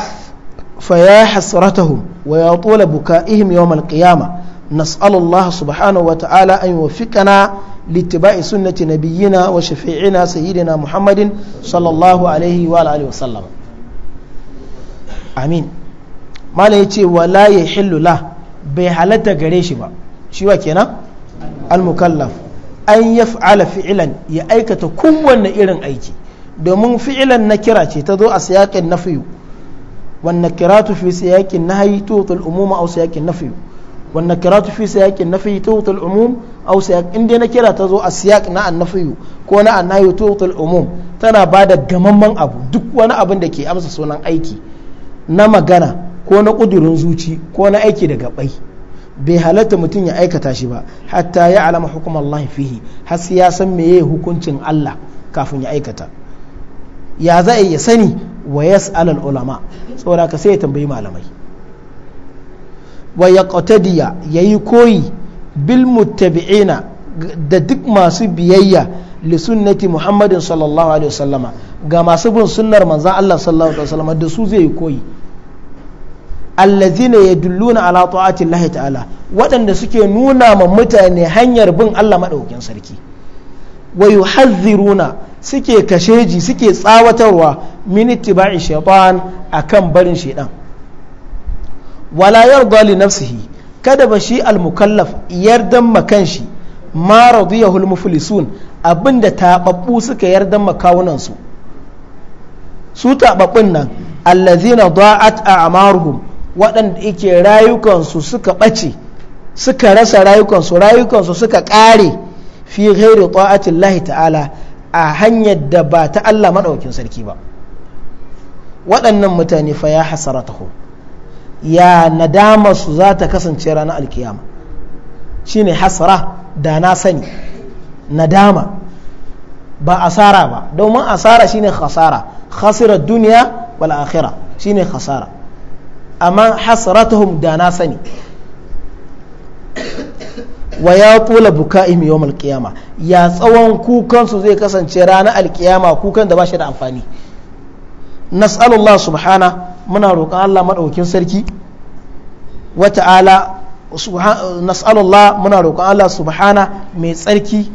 فيا حسرتهم ويا طول بكائهم يوم القيامة نسأل الله سبحانه وتعالى أن يوفقنا لاتباع سنة نبينا وشفيعنا سيدنا محمد صلى الله عليه وآله وسلم amin mala ya ce wala ya hillu la bai halatta gare shi ba shi wa kenan almukallaf an ya fi'ala fi'ilan ya aikata kowanne irin aiki domin fi'ilan na kira ce ta zo a siyaƙin nafiyu والنكرات في سياق النهي توطي العموم أو سياق النفي والنكرات في سياق النفي توطي العموم أو سياق إن دي نكرة تزو السياق نا النفي كون النهي توطي العموم تنا بعد جممان أبو دك وانا أبن دكي أمس سونان أيكي نما جنا كون قدر زوجي كون أيكي دقبي bai halatta mutum ya aikata shi ba hatta ya alama hukum Allah fihi الله sai ya san meye hukuncin Allah kafin ya aikata ya za ya wa yas'al al ulama saboda sai ya tambayi malamai wa ya yayi koyi bil muttabi'ina da duk masu biyayya li sunnati muhammadin sallallahu alaihi wasallama ga masu bin sunnar manzon Allah sallallahu alaihi wasallama da su zai koyi allazina yadulluna ala ta'ati Allah ta'ala waɗanda suke nuna ma mutane hanyar bin Allah maɗaukin sarki wa yuhazziruna suke kasheji suke tsawatarwa min ittiba'i a kan barin shaydan wala yarda li nafsihi kada ba shi almukallaf yardan makanshi ma radiyahul muflisun abinda tababbu suka yardan makawunansu su su tababbun nan allazina da'at amarhum waɗanda yake rayukansu suka ɓace suka rasa rayukansu rayukansu suka ƙare fi ghairi ta'atillahi ta'ala a hanyar da ba ta Allah maɗaukin sarki ba waɗannan mutane fa ya hasaratahu ya nadama su za ta kasance ranar alkiyama ne hasara da na sani nadama ba asara ba domin asara shine khasara khasirar duniya wal akhira shine khasara amma hasaratuhum da na sani wa ya buka imi yawon alkiyama ya tsawon kukansu zai kasance ranar alkiyama kukan da ba shi da amfani nas'alullah subhana muna roƙon Allah maɗaukin sarki wa ta'ala nas'alullah muna roƙon Allah subhana mai tsarki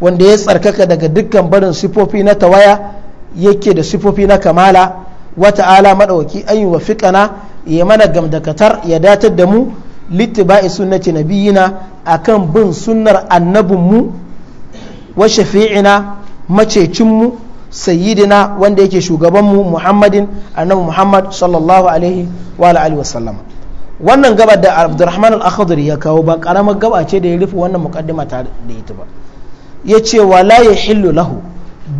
wanda ya tsarkaka daga dukkan barin sifofi na tawaya yake da sifofi na kamala wa ta'ala maɗauki an yi ya mana gamdakatar ya datar da mu littiba'i sunnati nabiyina akan bin sunnar annabinmu wa shafi'ina macecinmu sayyidina wanda yake shugabanmu muhammadin annabi muhammad sallallahu alaihi wa alihi wa sallama wannan gaba da abdurrahman al-akhadir ya kawo ba karamar gaba ce da ya rufe wannan muqaddima ta da ita ba ya ce wala ya hillu lahu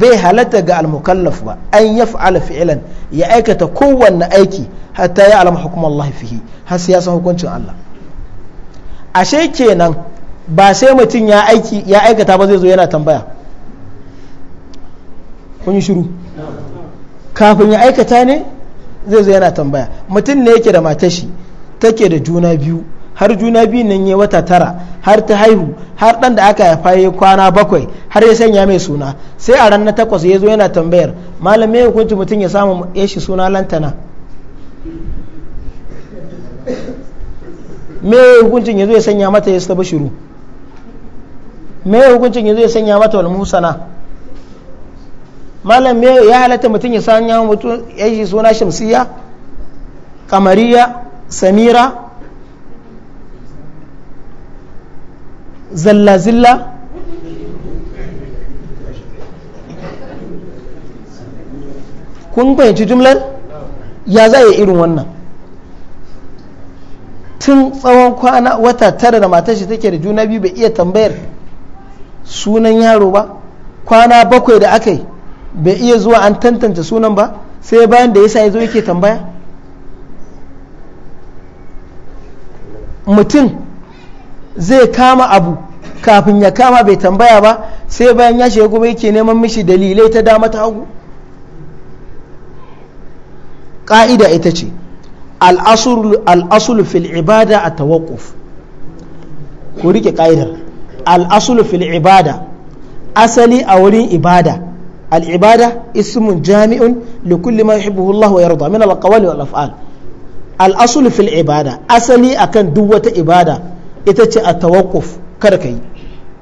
bai halatta ga al-mukallaf ba an yaf'ala fi'lan ya aikata kowanne aiki hatta ya alama hukumar Allah fihi har sai ya san hukuncin Allah ashe kenan ba sai mutum ya aiki ya aikata ba zai zo yana tambaya kun yi shiru kafin ya aikata ne zai zo yana tambaya mutum ne yake da matashi take da juna biyu har juna biyu nan ya wata tara har ta haihu har dan da aka haifa ya kwana bakwai har ya sanya mai suna sai a ran na takwas ya zo yana tambayar malam me hukunci mutum ya samu ya shi suna lantana me hukuncin yazo ya sanya mata ya saba shiru me hukuncin yanzu ya sanya mata wal musana malam me ya halatta mutum ya sanya mutum ya shi suna shamsiya kamariya samira zalla-zilla kun fahimci jumlar ya za irin wannan tun tsawon kwana wata tara da matar shi take da juna biyu bai iya tambayar sunan yaro ba kwana bakwai da aka yi bai iya zuwa an tantance sunan ba sai bayan da yasa ya zo yake tambaya mutum zai kama abu kafin ya kama bai tambaya ba sai bayan ya shiga kuma yake neman mishi dalilai ta dama ta hagu ƙa'ida ita ce al'asul fil ibada a tawakuf ku rike ƙa'idar al'asul fil ibada asali a wurin ibada al'ibada ismun jami'un li kulli ma yuhibbuhu Allah wa yarda min al-aqwali wal af'al al'asul fil ibada asali akan duk wata ibada ita ce a tawakuf kar ka yi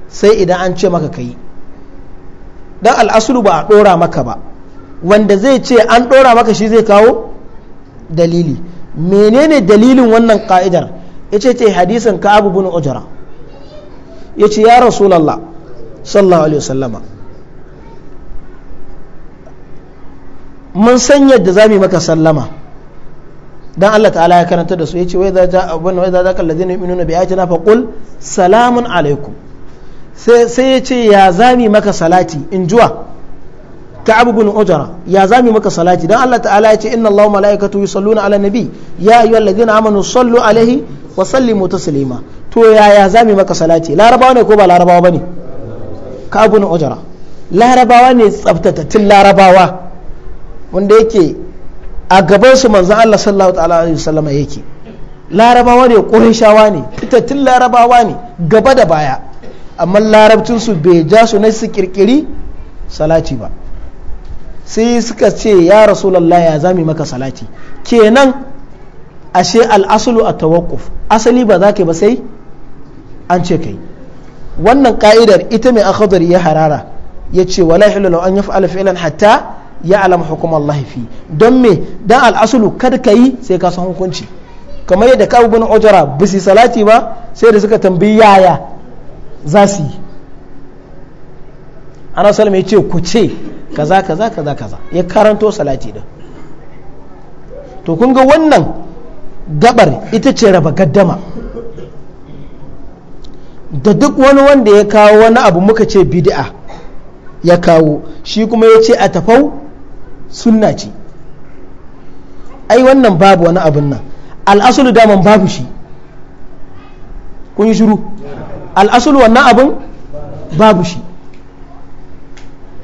sai idan an ce maka ka yi don al'asulu ba a ɗora maka ba wanda zai ce an ɗora maka shi zai kawo dalili menene dalilin wannan ka'idar yace ce hadisin ka ibn ujra yace ya ce ya rasulullah sallallahu alaihi wasallama mun san yadda za mu maka sallama dan Allah ta'ala ya karanta da su ya ce wai za ta abun wai za ka ladina yu'minuna bi ayatina fa qul salamun alaikum sai sai yace ya zami maka salati in juwa ka abubun ujara ya zami maka salati don Allah ta'ala ya ce inna Allah mala'ikatu yusalluna ala nabi ya ayyu alladhina amanu sallu alaihi wa sallimu taslima to ya ya zami maka salati larabawa ne ko ba larabawa bane ka abubun ujara larabawa ne tsabtata tsaftatattun larabawa wanda yake a gaban su manzon Allah sallallahu ta'ala alaihi wasallam yake larabawa ne qurayshawa ne tattun larabawa ne gaba da baya amma larabcin su bai ja su na su kirkiri salati ba sai suka ce ya rasu rasulallah ya zami maka salati kenan ashe al'asulu a tawakuf asali ba za ka ba sai an ce kai wannan ka'idar ita mai akhadar ya harara ya ce wala hilu an ya fa'ala fi'lan hatta ya alama hukumar Allah don me dan al'asulu kada ka yi sai ka san hukunci kamar yadda ka bin ujara ba salati ba sai da suka tambayi yaya za su yi ana salama ya ce ku ce kaza kaza kaza kaza ya karanto salati din to kun ga wannan gabar ita ce raba gaddama da duk wani wanda ya kawo wani abu muka ce bid'a ya kawo shi kuma ya ce a tafau sunna ce ai wannan babu wani abin nan al'asulu daman babu shi kun yi shiru al'asulu wannan abin babu shi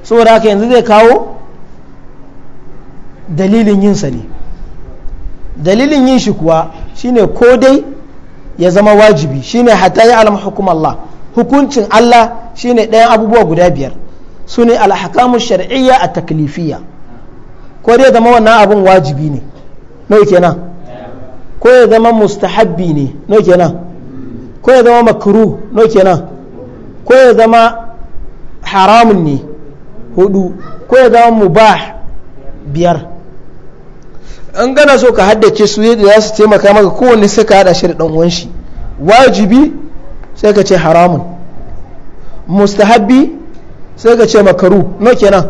saboda haka yanzu zai kawo dalilin yin sani ne dalilin yin shi kuwa shine ko dai ya zama wajibi shine hatta ya alama hukum Allah hukuncin Allah shine ɗayan abubuwa guda biyar su ne alhakamu shari'iyya a taklifiya ko dai ya zama wannan abun wajibi ne nau kenan ko ya zama mustahabbi ne nau kenan ko ya zama makruh nau kenan ko ya zama haramun ne hudu ko ya zama mubah biyar in gana so ka haddace su yadda za su taimaka maka kowanne sai ka hada shi da dan uwan shi wajibi sai ka ce haramun mustahabbi sai ka ce makaru no kenan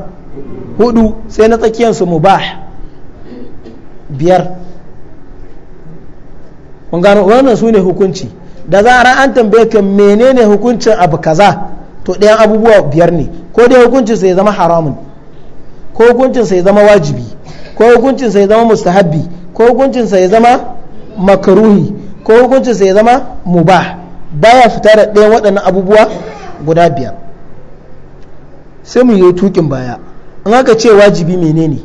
hudu sai na tsakiyar su mubah biyar kun gano wannan su ne hukunci da zarar an tambaye ka menene hukuncin abu kaza to ɗayan abubuwa biyar ne ko dai hukuncin sai zama haramun ko hukuncin sai zama wajibi ko hukuncin sai zama mustahabbi ko hukuncin sai zama makaruhi ko hukuncin sai zama mubah baya fita da ɗayan waɗannan abubuwa guda biyar sai mu yi tukin baya an haka ce wajibi menene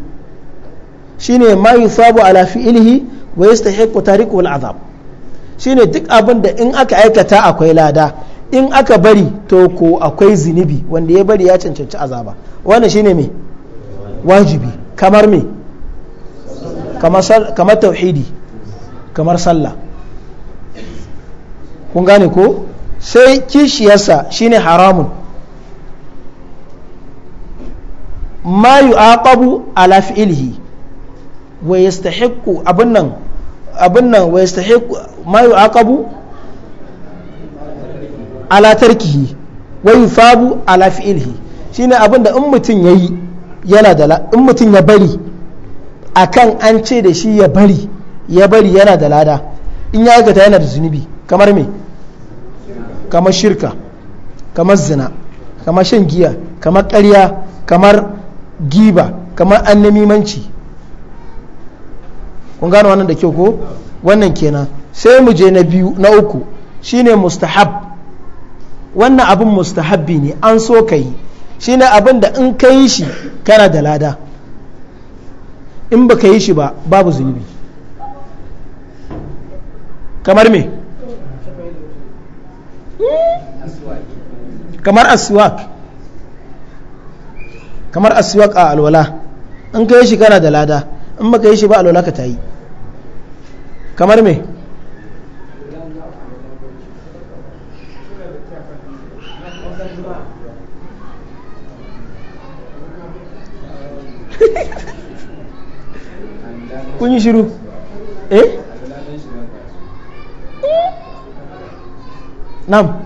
shine ma yusabu ala fi'lihi wa yastahiqqu tariku al azab shine duk abin da in aka aikata akwai lada in aka bari to ko akwai zinibi wanda ya bari ya cancanci azaba wannan shine me wajibi kamar me kamar tauhidi kamar sallah kun gane ko sai kishiyarsa shine haramun ma a ala fi'lihi wa yastahiqqu abun nan abun nan wa yastahiqqu ma yu'aqabu ala tarkihi wa yufabu ala fi'ilhi shine abinda in mutum yayi yana da in mutum ya bari akan an ce da shi ya bari ya bari yana da lada in ya aikata yana da zunubi kamar me kamar shirka kamar zina kamar shan giya kamar ƙarya kamar giba kamar annamimanci kun gano wannan da kyau ko wannan kenan sai mu je na biyu na uku shine mustahab wannan abin mustahabbi ne an so ka yi shi ne abin da in ka yi shi kana da lada in ba ka yi shi ba babu zunubi kamar me kamar aswak kamar aswak a alwala in ka yi shi kana da lada in ba ka yi shi ba alwala ka ta yi kamar me kun yi shiru eh nam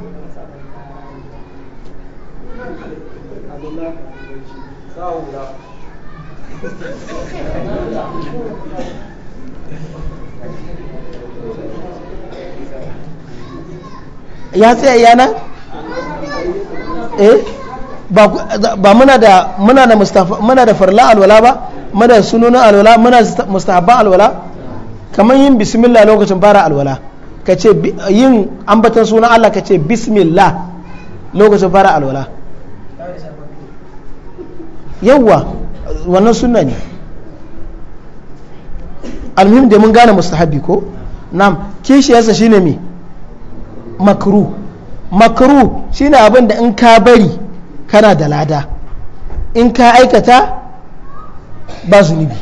ya tsaye yana eh ba muna da muna da mustafa muna da farla alwala ba muna da sununa alwala muna da mustahabban alwala kamar yin bismillah lokacin fara alwala kace yin ambatan sunan Allah kace bismillah lokacin fara alwala yawwa wannan sunna ne almuhim da mun gane mustahabi ko nam kishi yasa shine me makru makru shine abin da in ka bari kana da lada in ka aikata ba zunubi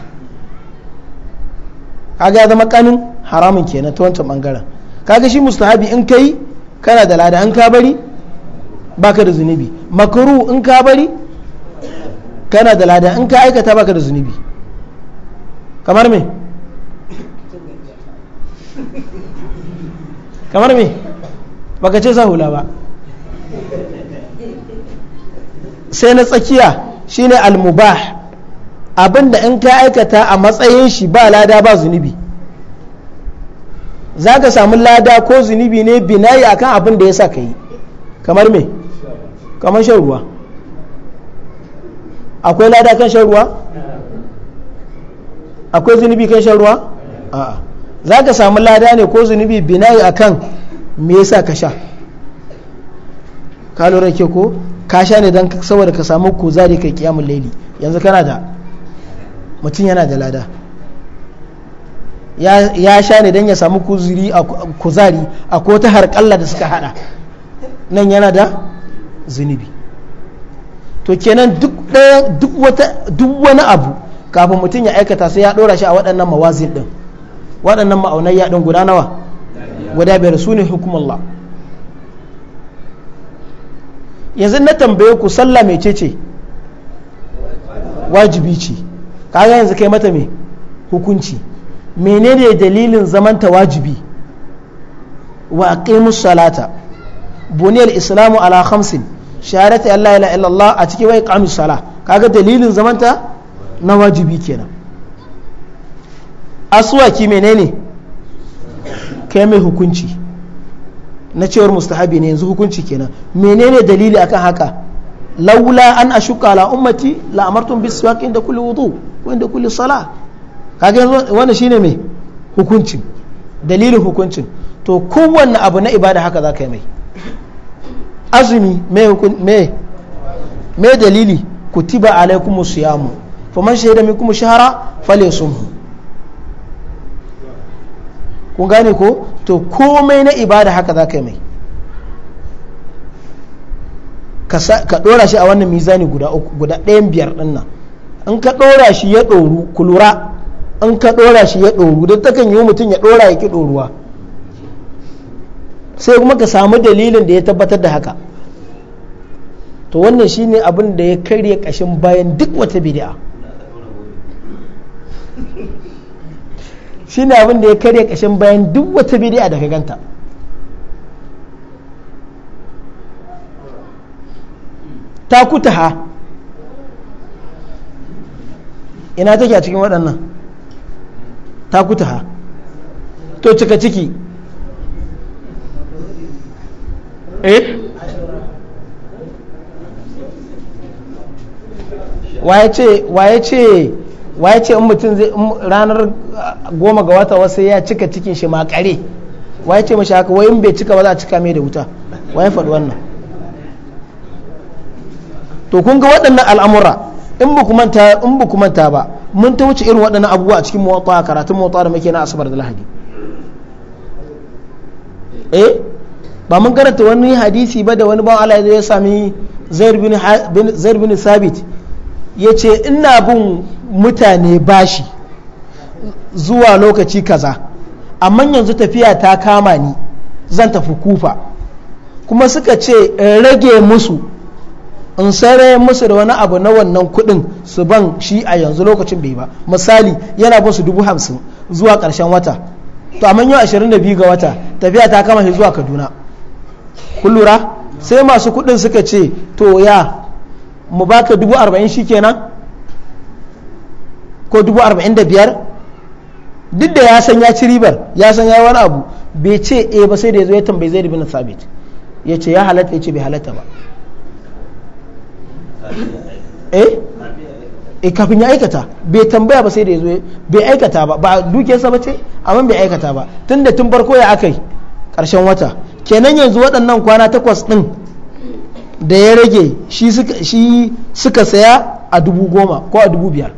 kaga ya zama kanin haramun kenan ta wancan bangaren kaga shi mustahabi in kai kana da lada in ka bari baka da zunubi makaru in ka bari kana da lada in ka aikata baka da zunubi kamar me kamar me baka ce sahula ba sai na tsakiya shine al-mubah abinda in ka aikata a matsayin shi ba lada ba zunubi za ka samu lada ko zunubi ne binayi akan abin da ya sa ka yi kamar me kamar shan ruwa akwai lada kan shan ruwa akwai zunubi kan shan ruwa za ka samu lada ne ko zunubi binayi akan me sa ka sha ka lura ke ko ka sha ne don saboda ka samu kuzari kai kiyamun laili yanzu kana da mutum yana da lada ya sha ne don ya samu kuzari a kota harƙalla da suka hada nan yana da zunubi to kenan duk wani abu kafin mutum ya aikata sai ya ɗora shi a waɗannan mawazin ɗin waɗannan ma'aunai ya guda nawa guda biyar su ne hukumallah yanzu na tambaye ku sallah mai ce wajibi ce kaga yanzu kai mata me hukunci menene dalilin zamanta wajibi wa aqimus salata buniyal islamu ala khamsin shahadati alla ilaha illallah a cikin wai iqamus sala kaga dalilin zamanta na wajibi kenan aswaki menene kai mai hukunci na cewar mustahabi ne yanzu hukunci kenan menene dalili akan haka laula an ashuka ala ummati la amartum bis waqin da kulli wudu ko inda kulli sala kage wannan shine me hukuncin dalilin hukuncin to kowanne abu na ibada haka za ka yi mai azumi me me dalili kutiba alaikum siyamu faman shahida minkum shahara falyasumhu kun gane ko to komai na ibada haka za ka yi mai ka dora shi a wannan mizani guda uku guda ɗayan biyar ɗin nan in ka dora shi ya ɗoru ku lura in ka dora shi ya ɗoru duk takan yi mutum ya ɗora ya ki ɗoruwa sai kuma ka samu dalilin da ya tabbatar da haka to wannan shine abin da ya karya ƙashin bayan duk wata bid'a shi ne abin da ya karya kashin bayan duk wata bidi'a da ka ganta ta kutaha ina take a cikin waɗannan ta kutaha to cika ciki eh waye ce waye ce waye ce in mutum zai ranar ah, goma ga wata wasu ya cika cikin shi makare waye ce mashi haka wai in bai cika ba za a cika mai da wuta waye faɗi wannan to kun ga waɗannan al'amura in ba manta in ba ba mun ta wuce irin waɗannan abubuwa a cikin muwatta karatun muwatta da muke na asabar da lahadi eh ba mun karanta wani hadisi ba da wani bawan Allah ya sami zair bin sabit ya ce ina bin mutane bashi zuwa lokaci kaza amma yanzu tafiya ta kama ni zan tafi kufa kuma suka ce rage musu in sare musu da wani abu na wannan kudin su ban shi a yanzu lokacin bai ba misali yana ba su dubu hamsin zuwa karshen wata to amma yau ashirin da biyu ga wata tafiya ta kama shi zuwa kaduna Ku lura sai masu kudin suka ce to ya mu baka dubu arba'in shi kenan ko dubu arba'in da biyar duk da ya san ya ci ribar ya san ya wani abu bai ce e ba sai da ya zo ya tambayi zai bin sabit ya ce ya halatta ya ce bai halatta ba eh? eh kafin ya aikata bai tambaya ba sai da ya zo bai aikata ba ba sa ba ce amma bai aikata ba tun da tun farko ya akai karshen wata kenan yanzu waɗannan kwana takwas ɗin da ya rage shi suka saya a dubu goma ko a dubu biyar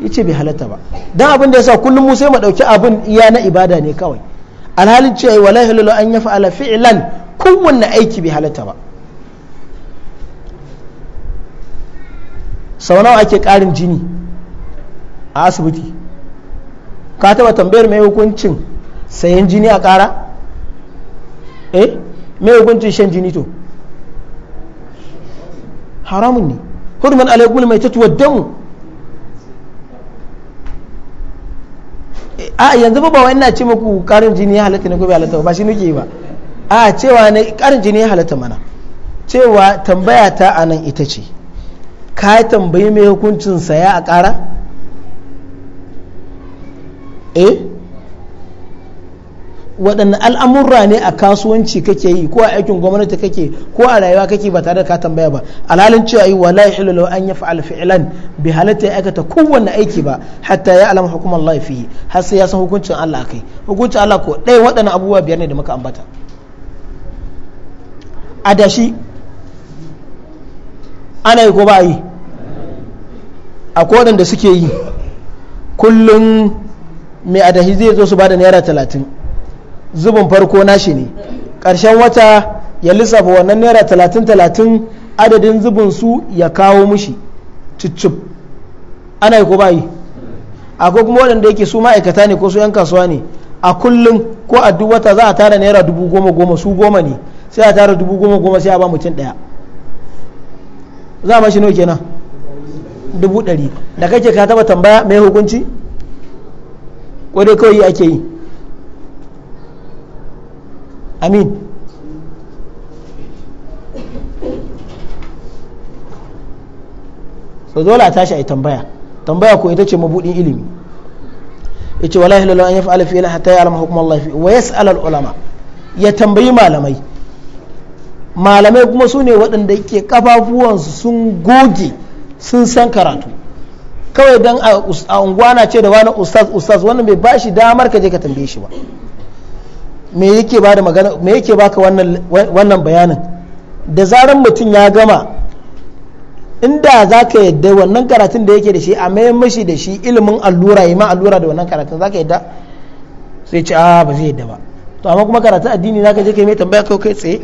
yace bai halatta ba dan abin da yasa kullum mu sai mu dauki abin iya na ibada ne kawai alhalin cewa wala halalu an fa'ala fi'lan kowanne aiki bai halatta ba sau nawa ake karin jini a asibiti ka taba tambayar mai hukuncin sayan jini a kara eh mai hukuncin shan jini to haramun ne hurman alaikul mai tatuwar damu a yanzu ba wa ina ce muku karin jini ya halatta ne gobe bai halatta ba shi nuke ba a cewa ne karin jini ya halatta mana cewa tambaya ta a nan ita ce ka tambayi mai hukuncin saya a ƙara eh waɗanne al'amurra ne a kasuwanci kake yi ko a aikin gwamnati kake ko a rayuwa kake ba tare da ka tambaya ba alhalin cewa yi wala ya law an fa'al fi'lan bi halatta ya aikata kowanne aiki ba hatta ya alama hukumar Allah har sai ya san hukuncin Allah kai hukuncin Allah ko ɗaya waɗannan abubuwa biyar ne da muka ambata adashi ana yi ko ba yi akwai waɗanda suke yi kullum mai adashi zai zo su ba da naira talatin zubin farko nashi ne ƙarshen wata ya lissafa wannan naira talatin talatin adadin zubin su ya kawo mushi cicip ana yi ko ba akwai kuma waɗanda yake su ma'aikata ne ko su 'yan kasuwa ne a kullum ko a duk wata za a tara naira dubu goma goma su goma ne sai a tara dubu goma goma sai a ba mutum ɗaya za a mashi nau kenan dubu ɗari da kake ka taɓa tambaya mai hukunci ko dai kawai ake yi amin so dole a tashi a yi tambaya tambaya ko ita ce mabudin ilimi yace wala ilaha illa an yaf'ala fi'la hatta ya alama hukumar lafi wa ya al ulama ya tambayi malamai malamai kuma su ne waɗanda ke kafafuwansu sun goge sun san karatu kawai dan a unguwa na ce da wani ustaz ustaz wannan bai bashi damar ka je ka tambaye shi ba me yake ba da magana me yake baka wannan wannan bayanin da zaran mutum ya gama inda za ka yadda wannan karatun da yake da shi a mayan mashi da shi ilimin allura yi ma allura da wannan karatun za ka yadda sai ce a ba zai yadda ba to amma kuma karatun addini za ka je kai mai tambaya kai kai tsaye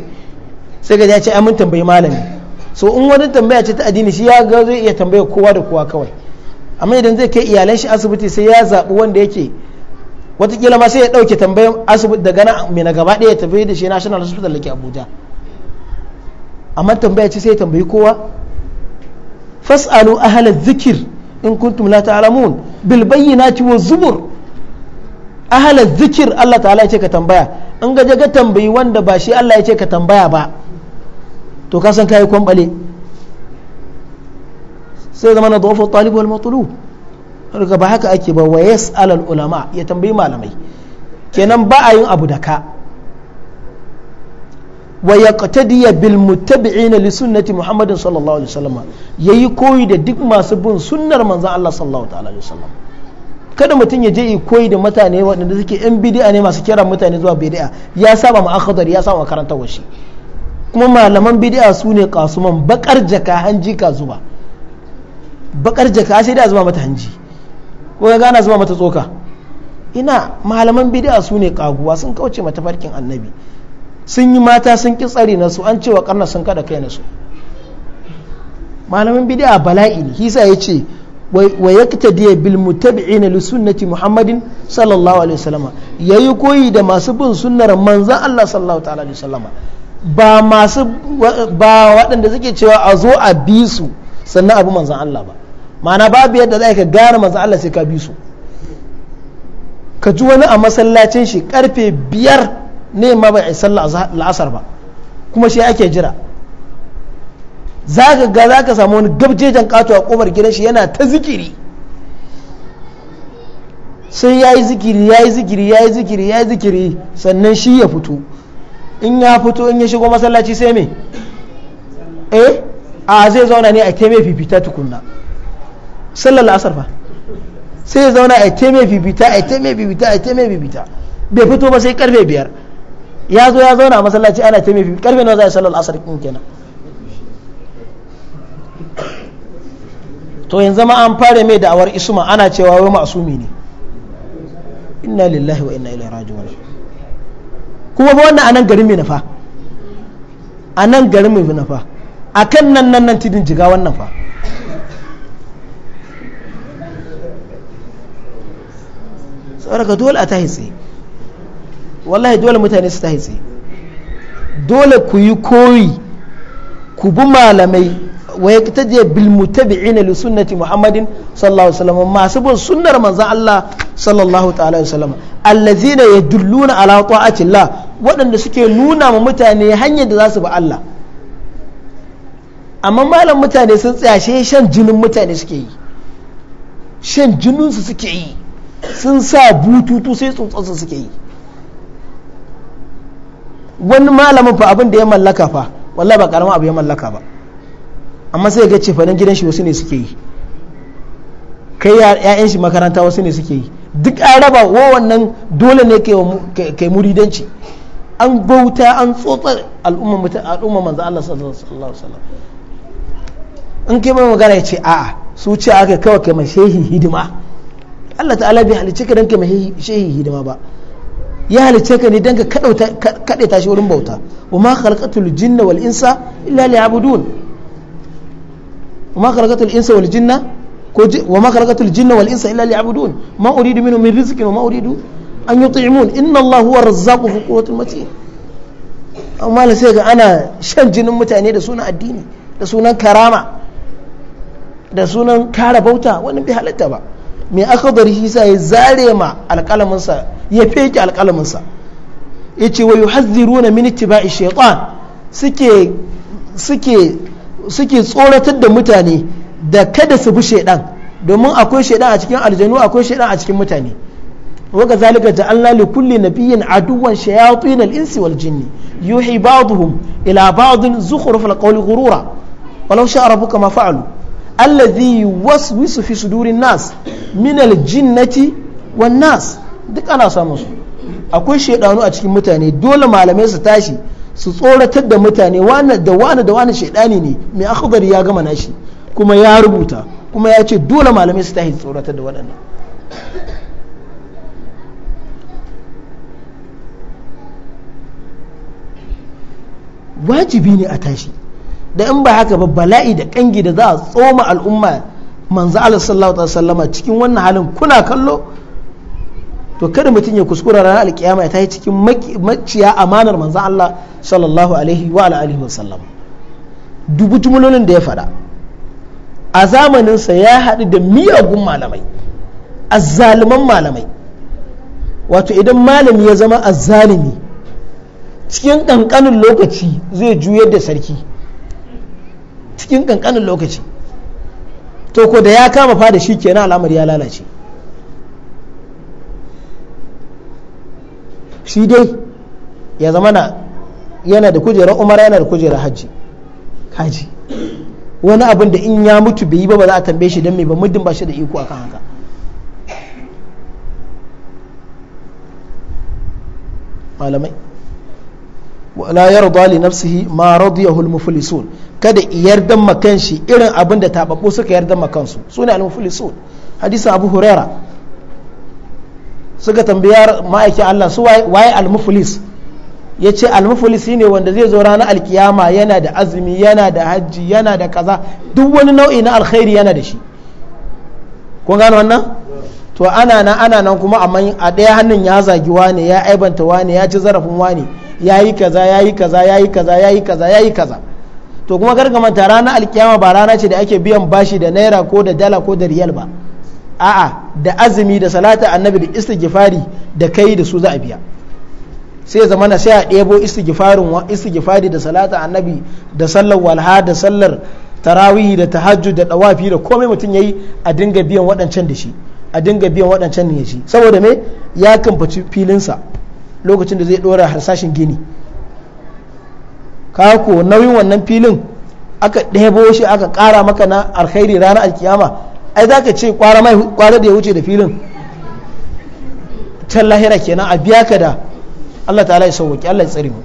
sai ka ce ai mun tambayi malami so in wani tambaya ce ta addini shi ya ga zai iya tambaya kowa da kowa kawai amma idan zai kai iyalan shi asibiti sai ya zaɓi wanda yake watakila ma sai ya ɗauke tambayan asibiti daga na na gaba ɗaya ya tafi da shi national hospital da ke abuja amma tambaya ce sai ya tambayi kowa fas'alu ahalar zikir in kuntum la ta'lamun bil bayyinati wa zubur ahalar zikir Allah ta'ala ya ce ka tambaya in ga ga tambayi wanda ba shi Allah ya ce ka tambaya ba to ka san kai kwambale sai zama na dawfa talibu matlub daga ba haka ake ba wa alal ulama ya tambayi malamai kenan ba a yin abu da ka wa yaqtadiya bil muttabi'ina li sunnati muhammadin sallallahu alaihi wasallam yayi koyi da duk masu bin sunnar manzon Allah sallallahu alaihi wasallam kada mutum ya je yi koyi da mutane waɗanda suke yan bid'a ne masu kira mutane zuwa bid'a ya saba ma akhdar ya saba karanta washi kuma malaman bid'a su ne kasuman bakar jaka hanji ka zuba bakar jaka sai da zuba mata hanji ko ya gana zama mata tsoka ina malaman bid'a su ne kaguwa sun kauce mata farkin annabi sun yi mata sun ki tsari na su an cewa karna sun kada kai na su malaman bid'a bala'i ne hisa ya ce wa yaktadiya bil mutabi'ina li sunnati muhammadin sallallahu alaihi wasallama yayi koyi da masu bin sunnar manzon Allah sallallahu alaihi wasallama ba masu ba waɗanda suke cewa a zo a bi su sannan abu manzan Allah ba ma'ana babu yadda za ka gane manzo Allah sai ka bi su ka ji wani a masallacin shi karfe biyar ne ma bai isa la'asar ba kuma shi ake jira za ka ga za ka samu wani gabjejen katuwa a kofar gidan shi yana ta zikiri sai ya yi zikiri ya yi zikiri ya yi zikiri ya yi zikiri sannan shi ya fito in ya fito in ya shigo masallaci sai me eh a zai zauna ne a mai fifita tukunna sallar la'asar fa sai ya zauna a ta mai bibita a ta mai bibita a ta mai bibita bai fito ba sai karfe biyar ya zo ya zauna a masallaci ana ta mai bibita karfe nawa za a yi sallar la'asar kin kenan to yanzu ma an fara mai da'awar isma ana cewa wai ma'asumi ne inna lillahi wa inna ilaihi raji'un kuma fa wannan anan garin mai nafa anan garin mai nafa akan nan nan nan tidin jiga wannan fa saboda dole a tahi tsaye wallahi dole mutane su tahi tsaye dole ku yi koyi ku bi malamai wa je bil mutabi'in li sunnati muhammadin sallallahu alaihi wasallam masu bin sunnar manzon Allah sallallahu ta'ala alaihi wasallam allazina yadulluna ala ta'ati Allah waɗanda suke nuna ma mutane hanyar da za su bi Allah amma malam mutane sun tsaya shan jinin mutane suke yi shan jininsu suke yi sun sa bututu sai tsotsonsu suke yi wani malamin fa abin da ya mallaka fa wallah ba karamin abu ya mallaka ba amma sai ga ce fadin gidan shi wasu ne suke yi kai ya'yan shi makaranta wasu ne suke yi duk an raba wa wannan dole ne kai muridanci an bauta an tsotsar al'umma manzo Allah sallallahu alaihi wasallam in kai mai magana ya ce a'a su ce aka kawai kai mai shehi hidima Allah ta'ala bai halicce ka danka mai shehi hidima ba ya halicce ka ne danka kaɗe shi wurin bauta wa ma khalaqatul jinna wal insa illa liya'budun wa ma khalaqatul insa wal jinna ko wa ma khalaqatul jinna wal insa illa liya'budun ma uridu minhum min rizqin wa ma uridu an yut'imun inna Allah huwa razzaqu fi quwwatil matin amma la sai ga ana shan jinin mutane da sunan addini da sunan karama da sunan kara bauta wannan bai halatta ba mai aka bari shi sa ya zare ma alƙalaminsa ya feke alƙalaminsa ya ce wa yuhazziru na miniti ba shaitan suke tsoratar da mutane da kada su bi shaidan domin akwai shaidan a cikin aljanu akwai shaidan a cikin mutane waka zalika ja'alna li kulli nabiyyin aduwan shayatin al-insi wal jinni yuhi ba'dhum ila ba'd zukhruf al-qawli ghurura walau sha'a rabbuka ma fa'alu allazi waswisu fi sudurin nas min aljinnati wan nas duk ana samun su akwai shaidanu a cikin mutane dole malamai su tashi su tsoratar da mutane wani da wani da wani shaidani ne mai akhdari ya gama nashi kuma ya rubuta kuma ya ce dole malamai su tashi tsoratar da waɗannan wajibi ne a tashi da in ba haka ba bala'i da kangi da za a tsoma al'umma manzo Allah sallallahu alaihi wasallam cikin wannan halin kuna kallo to kada mutum ya kuskura ranar alkiyama ta yi cikin maciya amanar manzo Allah sallallahu alaihi wa alihi wasallam dubu jumlolin da ya faɗa a zamanin sa ya haɗu da miyagun malamai azzaliman malamai wato idan malami ya zama azzalimi cikin ƙanƙanin lokaci zai juyar da sarki cikin kankanin lokaci to ko da ya kama fada shi kenan al'amari ya lalace shi dai ya zama na yana da kujerar umar yana da kujerar hajji kaji wani abin da in ya mutu bai yi ba ba za a tambaye shi don me ba muddin ba shi da iko akan haka malamai wala yarda li nafsihi ma radiyahu al-muflisun kada yardan makan shi irin abin da tababbu suka yardan makan su ne al-muflisun Hadisu abu huraira suka tambaya ma'aikin Allah su waye al-muflis ya ce al-muflis ne wanda zai zo ranar alkiyama yana da azumi yana da hajji yana da kaza duk wani nau'i na alkhairi yana da shi kun gano wannan to ana nan ana nan kuma amma a ɗaya hannun ya zagi wane ya aibanta wane ya ci zarafin wane ya yi kaza ya yi kaza ya yi kaza ya yi kaza ya yi kaza to kuma ta ranar alkiyama ba rana ce da ake biyan bashi da naira ko da dala ko da riyal ba a'a da azumi da salata annabi da istighfari da kai da su za a biya sai zama na sai a ɗebo istighfarin istighfari da salata annabi da sallar walha da sallar tarawihi da tahajjud da dawafi da komai mutum yayi a dinga biyan waɗancan da shi a dinga biyan waɗancan ne shi saboda me ya kamfaci filinsa lokacin da zai ɗora harsashin gini ka ko nauyin wannan filin aka ɗebo shi aka ƙara maka na alkhairi ranar alkiyama ai za ka ce kwara da ya wuce da filin can lahira kenan a biya ka da Allah ta'ala ya sauwaki Allah ya tsari mu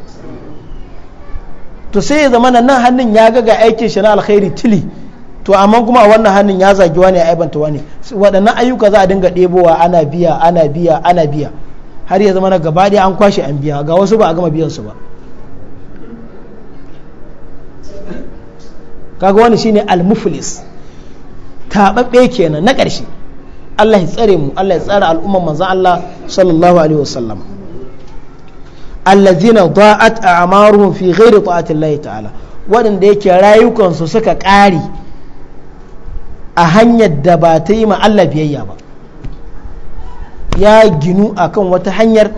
to sai ya zama nan hannun ya ga ga aikin shi na alkhairi tili to amma kuma a wannan hannun ya zagi wani ya aibanta wani waɗannan ayyuka za a dinga ɗebowa ana biya ana biya ana biya har ya zama na gaba an kwashe an biya ga wasu ba a gama biyan su ba kaga wani shine al-muflis tababbe kenan na ƙarshe Allah ya tsare mu Allah ya tsare al'umman manzon Allah sallallahu alaihi wasallam allazina da'at a'maruhum fi ghairi ta'ati Allah ta'ala waɗanda yake rayukansu suka ƙare a hanyar da ba ta yi ma Allah biyayya ba ya ginu akan wata hanyar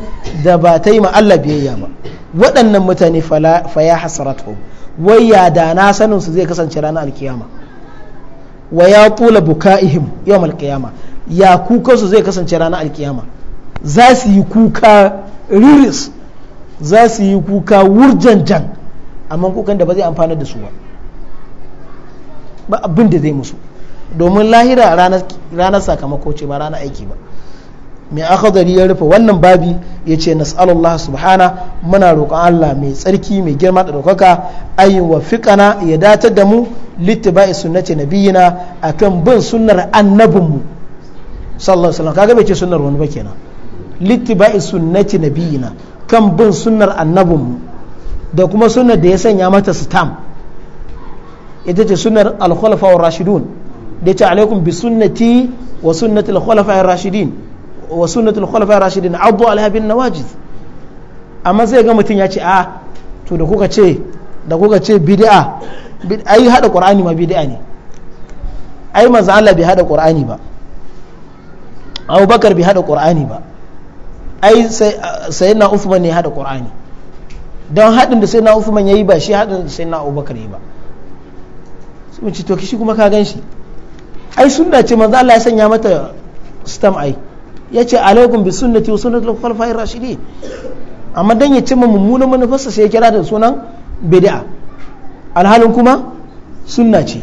da ba ta yi ma Allah biyayya ba waɗannan mutane fa ya hasaratuhum wai ya da na sanin su zai kasance ranar alkiyama wa ya tula buka'ihim yau alkiyama ya kuka su zai kasance ranar alkiyama za su yi kuka riris za su yi kuka wurjanjan amma kukan da ba zai amfana da su ba ba abin da zai musu domin lahira ranar sakamako ce ba ranar aiki ba mai akhdari ya rufe wannan babi ya ce nas'alullah subhana muna roƙon Allah mai tsarki mai girma da ɗaukaka ayi wa fiƙana ya datar da mu littiba'i sunnati nabiyina akan bin sunnar annabinmu sallallahu alaihi wasallam kaga bai ce sunnar wani ba kenan littiba'i sunnati nabiyina kan bin sunnar annabinmu da kuma sunnar da ya sanya mata sitam ita ce sunnar al-khulafa rashidun da ya ce alaikum bi sunnati wa sunnati al-khulafa rashidin wa sunnatul khulafa rashidin addu alha bin nawajiz amma sai ga mutum ya ce a ah, to da kuka ce da kuka ce bid'a ai hada qur'ani ma bid'a ne ai manzo Allah bai hada qur'ani ba Abu Bakar bai hada qur'ani ba ai sai na Uthman ne hada qur'ani don hadin da sai na Uthman yayi ba shi hadin da sai na Abu Bakar yayi ba su ce to kishi kuma ka gan shi ai sunna ce manzo Allah ya sanya mata stamp ai ya ce alaikum bi sunnati wa sunnatul khulafa'ir rashidi amma dan ya cimma mummunan manufarsa sai ya kira da sunan bid'a alhalin kuma sunna ce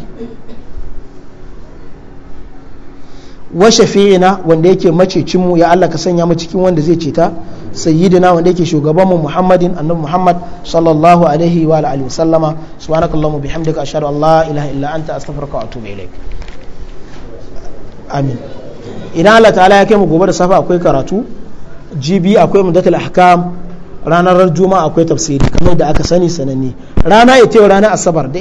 wa shafi'ina wanda yake macicin mu ya Allah ka sanya mu cikin wanda zai ce ceta sayyidina wanda yake shugaban mu Muhammadin annabi Muhammad sallallahu alaihi wa alihi wasallama subhanakallahumma bihamdika ashhadu an la ilaha illa anta astaghfiruka wa atubu ilaik amin idan Allah ta'ala ya kai mu gobe da safa akwai karatu jibi akwai mudatul ahkam ranar juma'a akwai tafsiri kamar da aka sani sananne rana ita yau rana asabar da